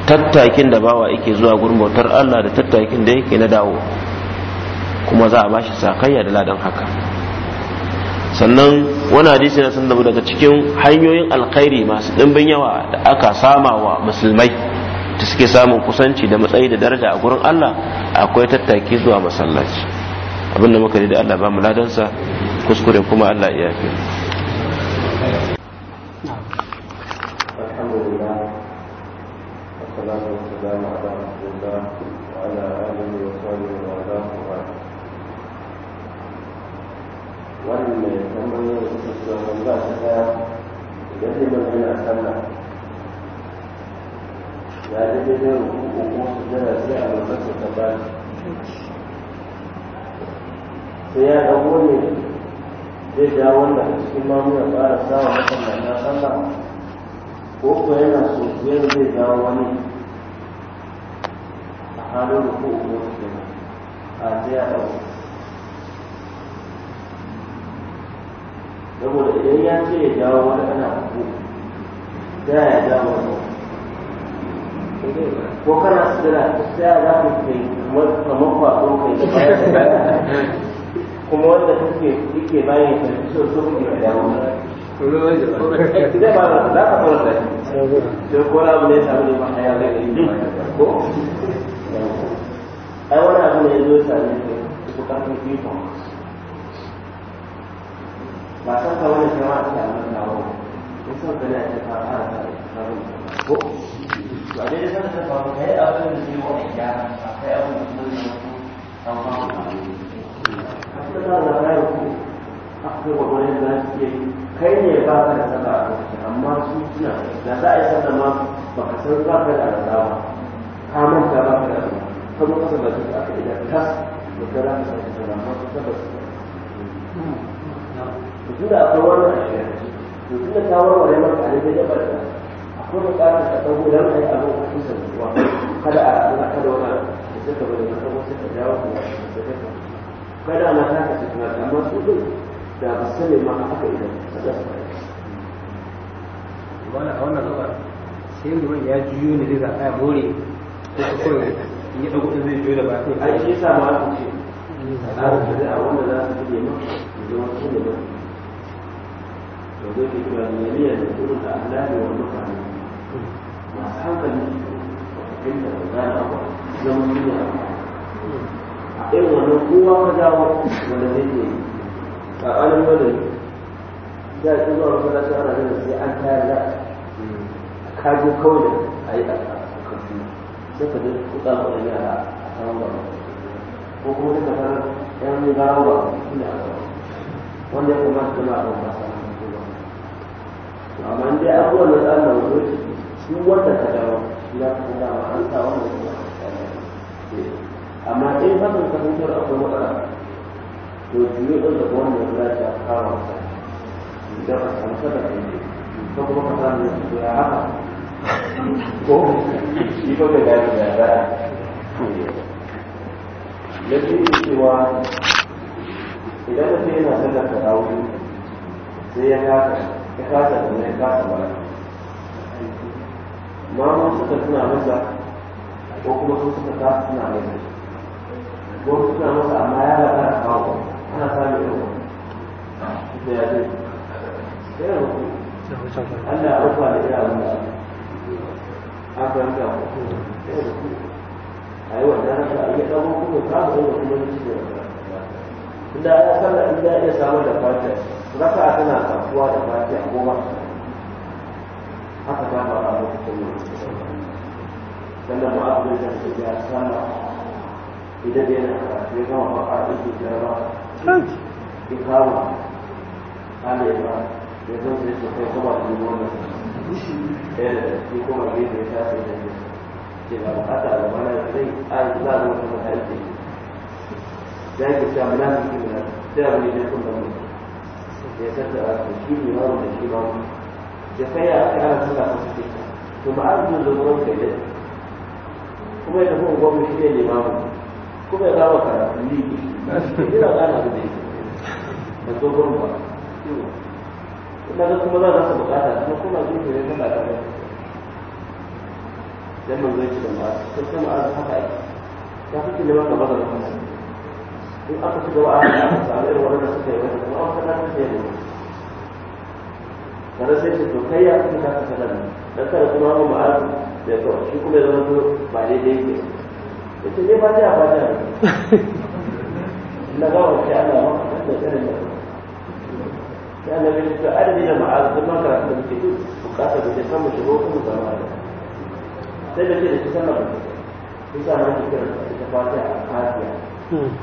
tattakin da bawa yake zuwa gurin bautar Allah da tattakin da yake na dawo kuma za a bashi sakayya da ladan haka sannan wani hadisi na sun daga cikin hanyoyin alkhairi masu ɗimbin yawa da aka sama wa musulmai da suke samun kusanci da matsayi da daraja a gurin Allah akwai tattaki zuwa masallaci abinda muka da Allah ba mu ladansa kuskure kuma Allah ya yafe wannan mai tambayoyi da suke ba shi daya idan zai mana yana sallah ya ji daidai ruku ko su jira sai a lokacin ta ba sai ya dago ne zai ja wanda a cikin mamu ya fara sawa masallata sallah ko ko yana so yadda zai dawo wani a halin ruku ko su jira a sai ya dago saboda idan ya ce ya jawo wani ana hagu ta ya jawo wani ko kana sira ta ya za kai kamar kwaɗo kai da bayan kuma wanda kake yake bayan tafi so so ya dawo idan ba za ka fara da shi to ko ne samu ne ba haya da yi ko ai wani abu ne ya zo sami ka matar ta wani shama a cikin kawo in sau da lafiya ta fara ta sabon ko to a daidai sanar ta kawo ka yi abin da zai wani gyara a kai abin da zai wani kawo ba a cikin da za a yi ku a kai wa wani da su ke kai ne ba ka da saba a kai? amma su suna da za a yi sanar ma ba ka san ba ka da rasa ba ka manta ba ka da rasa kuma kasa ba su aka yi da tas da kara ka sa ka sanar ba su tabbas tunda akwai wannan a shirya to tunda ta warware maka a daidai da barka akwai bukatar ka ɗauko don a yi abin a cikin sanarwa kada a rabu kada wani da suka bari na kawo suka jawo ku da daga kada ana taka su kuma amma su ɗin da ba su ne ma yi idan ba da su bari. wani a wannan gaba sai liman ya juyo ne da zaɓa bore ko kawai in yi ɗago zai juyo da ba sai a yi sa ma aka ce a wanda za su buge ma da wani ne ma domin ke cewa miliyan da kuma da alali wa mutane masu hankali da fahimta da a zama su ne a wannan kowa ka dawo wanda ke a wanda ya zuwa ana sai an tayar da kawai da a yi a sai ka je kuɗa kuɗa yara a ko kuma duka ɗan gawa a wanda ya kamata jama'a ba amma dai abubuwan da tsarin da su wanda ka dawo na kuma ma an sa wanda kuma amma in hakan ka mutuwar akwai matsala to biyu ɗin da ya dace a kawo masa idan a samu kada ka yi ko kuma ka samu ya haka ko shi ko da na biyu cewa idan mutum yana sallar ka sai ya haka ya kasa da ya kasa ba tuna masa ko kuma suka kasa tuna masa ko masa amma ya ba ta kawo ana da ya ce sai ya Allah ya rufa da sai ya a yi wannan a iya ɗago kuma yau da kuma da ya ya samar da fata raka tana kasuwa da fatiha ko ba haka ta faru a lokacin nan sannan ba abu da su ya sama idan yana karatu ya gama baka da ke jaraba ya kama kane ba ya zan sai su kai kuma da nuna wannan ɗaya da shi kuma ne da ya tashi da ya ce ba bukata da mana zai ai za a zama kuma ta yi da ya ke cewa muna su kima da ya wani ne kuma mutu ya tattara da shi limamu da shi mamu da kai a kai ana suna masu fita to ba an zo wani kai da kuma ya tafi ungwamu shi ne limamu kuma ya kama karatu liki ina gana da zai da zo gurin ba ina ga kuma za su bukata kuma kuma zuwa ne ta kada dan da ya ce da ma sai kuma an haka ta fi limamu da bazar kuma in aka ci gaba a aka samu wani wanda suka yi wani kuma wata nan suke ne kada sai ce to kai ya ka dan kada kuma mu da to shi kuma ya zama ba ne ba ta ba ta na ga wani Allah ma da da ya na ta adadi da ma'ar da a karatu da muke bukata da mu kuma zama da sai da ke da ta a kafiya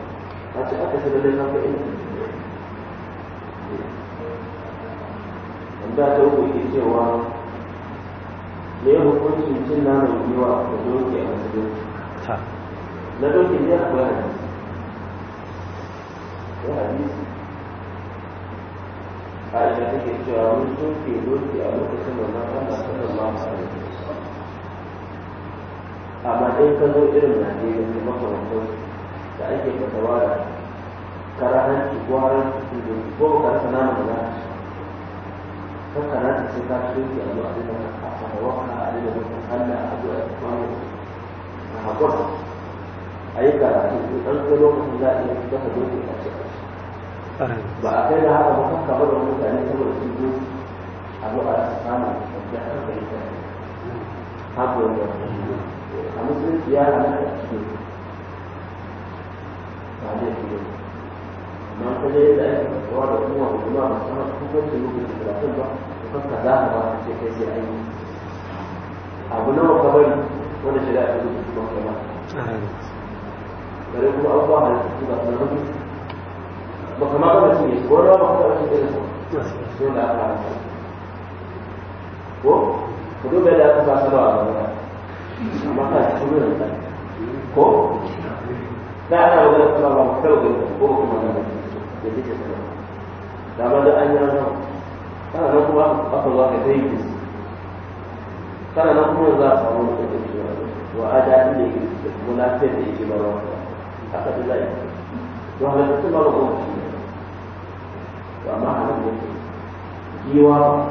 a ci aka shiga lallan ba in wanda ta uku ke cewa ne hukuncin cin naman giwa da doki a musulunci na doki ne a bayan ya hadisi a ina take cewa wani doki doki a lokacin da na Allah sallallahu alaihi wasallam amma dai ka zo irin Najeriya ne makamantar da ake kasawa da karahanci ko haranci da ko ka sana da ka ka ta sai ka shirki a zuwa da ka saba waka a da ka salla a da ka na hakuri a yi karatu ko ɗan tsaro mutum za a iya a ce ba a kai da haka ba kan ba da mutane saboda su zo a zo a samu da ta a musulunci ya تعليق جدا ما انت ليه بقى الوضع هو والله بس انا كنت يوجد في الخطبه وكنت داهره في كيس اي ابو نور قبل ولا شلاء في المحكمه بل هو الله على الخطبه النبوي وكما قال النبي ولا مختار في الاسلام ولا اعلم هو فدوب الى ابو بكر sauƙin ko kuma nan da take sana da ba da kana nan kuma aka zo aka kai ki kana nan kuma za a samu mutum da ke wa a da yake da kuma lafiyar da yake bara aka da zai to haka da kuma ba kuma shi to amma a nan yake kiwa?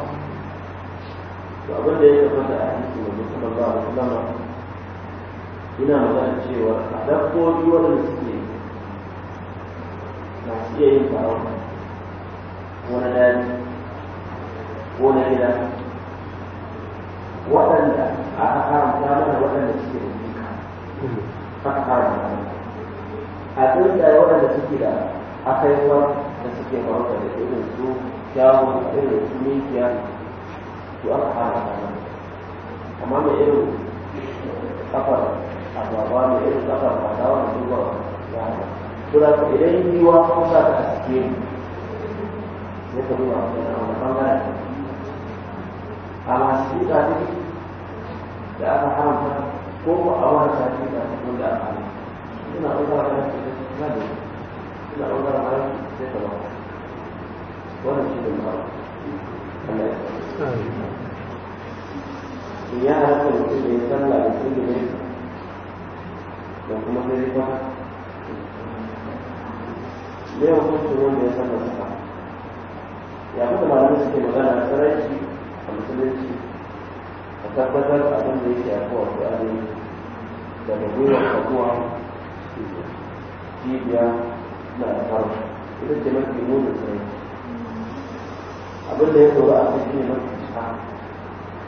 to abin da ya tabbata a hadisi da mutum ba a ina magana cewa a dabbobi masu iya yin farauta ko na daji ko na gida waɗanda aka haramta mana waɗanda suke da duka aka haramta mana a tsuntsaye waɗanda suke da akaiwar da suke farauta da irin su shawo da irin su mikiya to aka haramta mana amma mai irin kafar a baba mai irin kafar a da zuwa sura ta idan yi wa kusa ta haske ne ya ka duba a wani bangare a masu yi ta da aka haramta ko ko a wani ta yi ta cikin da aka suna ɗaukar da na da suna ɗaukar da sai ka ba wannan shi da ba Allah ya sa ya halatta mutum da sallah da sun da kuma sai ya me ya hukuncin wanda ya saka suka ya kuma malamai suke magana sarai a musulunci a tabbatar abin da yake akwai wasu ainihi daga gwiwar kaguwa cibiya na alfaru ita ce mafi munin sarai abin da ya tsoro a cikin mafi cika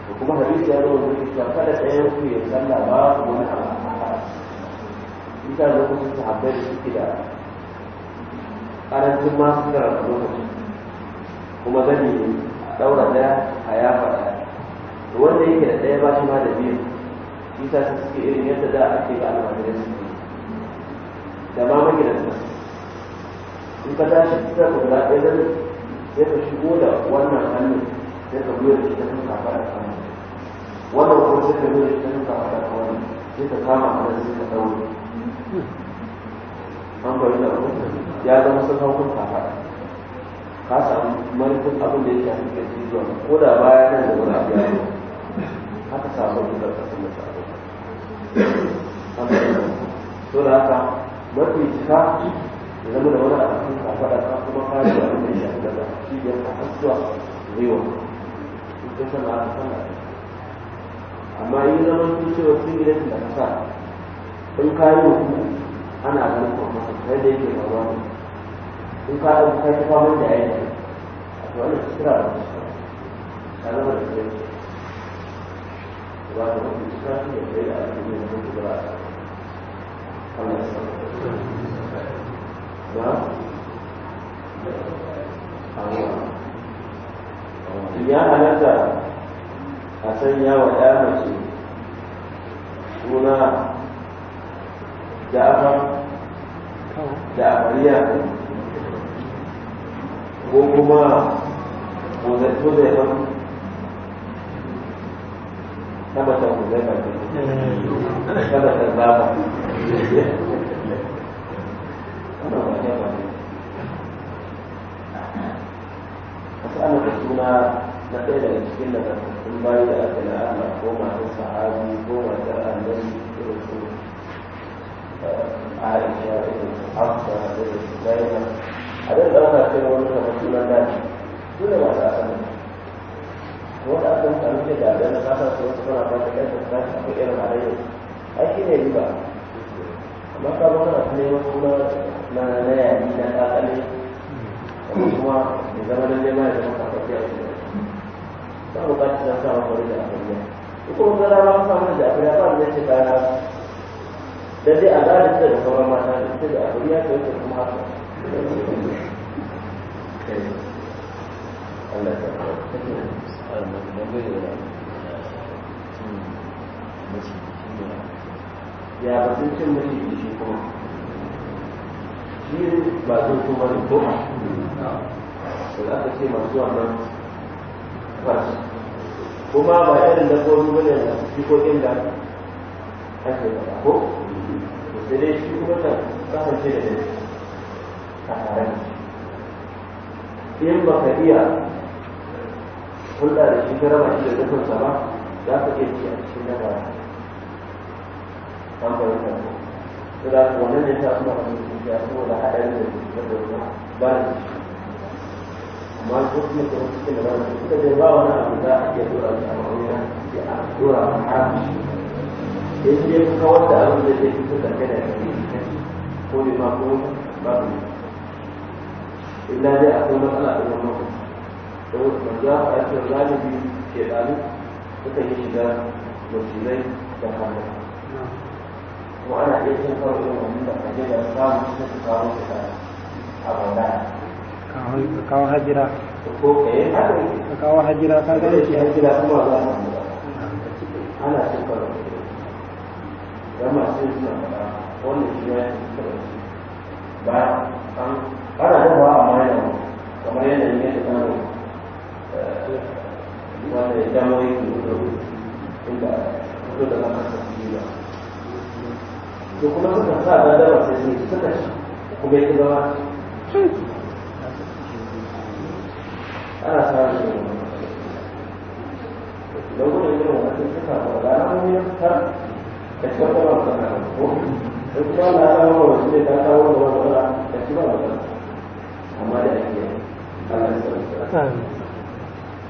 da kuma hadisi ya zo wani cewa kada a ku ya sallah ba wani abu a haka ita lokacin sahabbai da suke da karancin masu a lokacin kuma gani a daura daya a ya faɗa da wanda yake da daya ba shi ma da biyu sa su suke irin yadda da ake ga almajirai su ne da ma magidanta in ka tashi kusa ku da ɗaya zan sai ka shigo da wannan hannun sai ka buya da shi ta kan kafa da kama wannan kuma sai ka buya da shi ta kan kafa da kama sai ka kama a nan sai ka ɗaure an bari da wannan ya zama sun hau kun kafaɗa ka samu manufin abin da ya shafi da shi zuwa ko da baya nan da wani abu ya zo haka samu da zarka da masa abu so da haka mafi cika da zama da wani abu kun da ka kuma ka yi abin da ya shafi daga cibiyar ka har zuwa gwiwa in ka san haka amma yi zama sun ce wasu gidan da ka sa in ka yi mutum ana ganin kwamfasa kai da yake ba wani in ka da ka da yayi a to wannan tsira da shi ta zama da shi da ya san ya halatta a sanya wa ɗaya mace suna da da amariya ko kuma ko zai hannu tabbatar ku zai ba tabbatar ba ba mas'alar suna na ɗaya daga cikin da kasassun bayi da aka la'ana ko masu sahabi ko masu annabi eh, aisha irin su hafsa a zai ɗauka cewa wani kamar sunan daji su ne masu asali wanda aka mutu an ce da abin da kasa su wasu suna ba da ɗan da ta shafi irin halayyar ai shi ne riba amma ka ba kana ta neman kuma na na yayi na kakale kuma da zama da nema da zama kakwafiya su ne ba mu ba ci sa wa da akariya ko kuma zara ba sa da akariya ba da ce kaya da dai a zalunta da sauran mata da ita da akariya ta yi kuma haka Hmm. ya batun cin mutum shi kuma shi ba zai kuma da ko da za ka ce masu wannan kuma ba irin dabbobi ba ne masu jikokin da ake faɗa ko sai dai shi kuma kan kasance da dai a tare in ba ka iya hulɗa da shi garaba shi da dukansa ba za ka iya ci a cikin daga an bari ka ko to da wannan ne ta kuma a cikin ya saboda haɗarin da ke da wata ba da shi amma ko kuma ko cikin da ba da shi da ba wani abu da a iya dora shi a ya sai a dora a haram shi sai dai ka kawar da abin da zai fito da kai da shi ko ne ma ko ba ku illa dai akwai matsala da wani lokaci saboda manzo a yake galibi ke ɗalu suka yi shiga wasilai da kamar ko ana iya cin karo irin wannan shi karo shi ba an ana a mayan kamar yanayin yadda ta wanda ya dama yi da inda fito da zama sa su yi ba to kuma suka sa da dama sai sun yi suka ci kuma ya zama ana samun shi da gudun irin wasu suka ba da ranar yin ta da cikin kuma ba ta ko kuma na samun ne ta kawo da wani wani da ba amma da ake Allah ya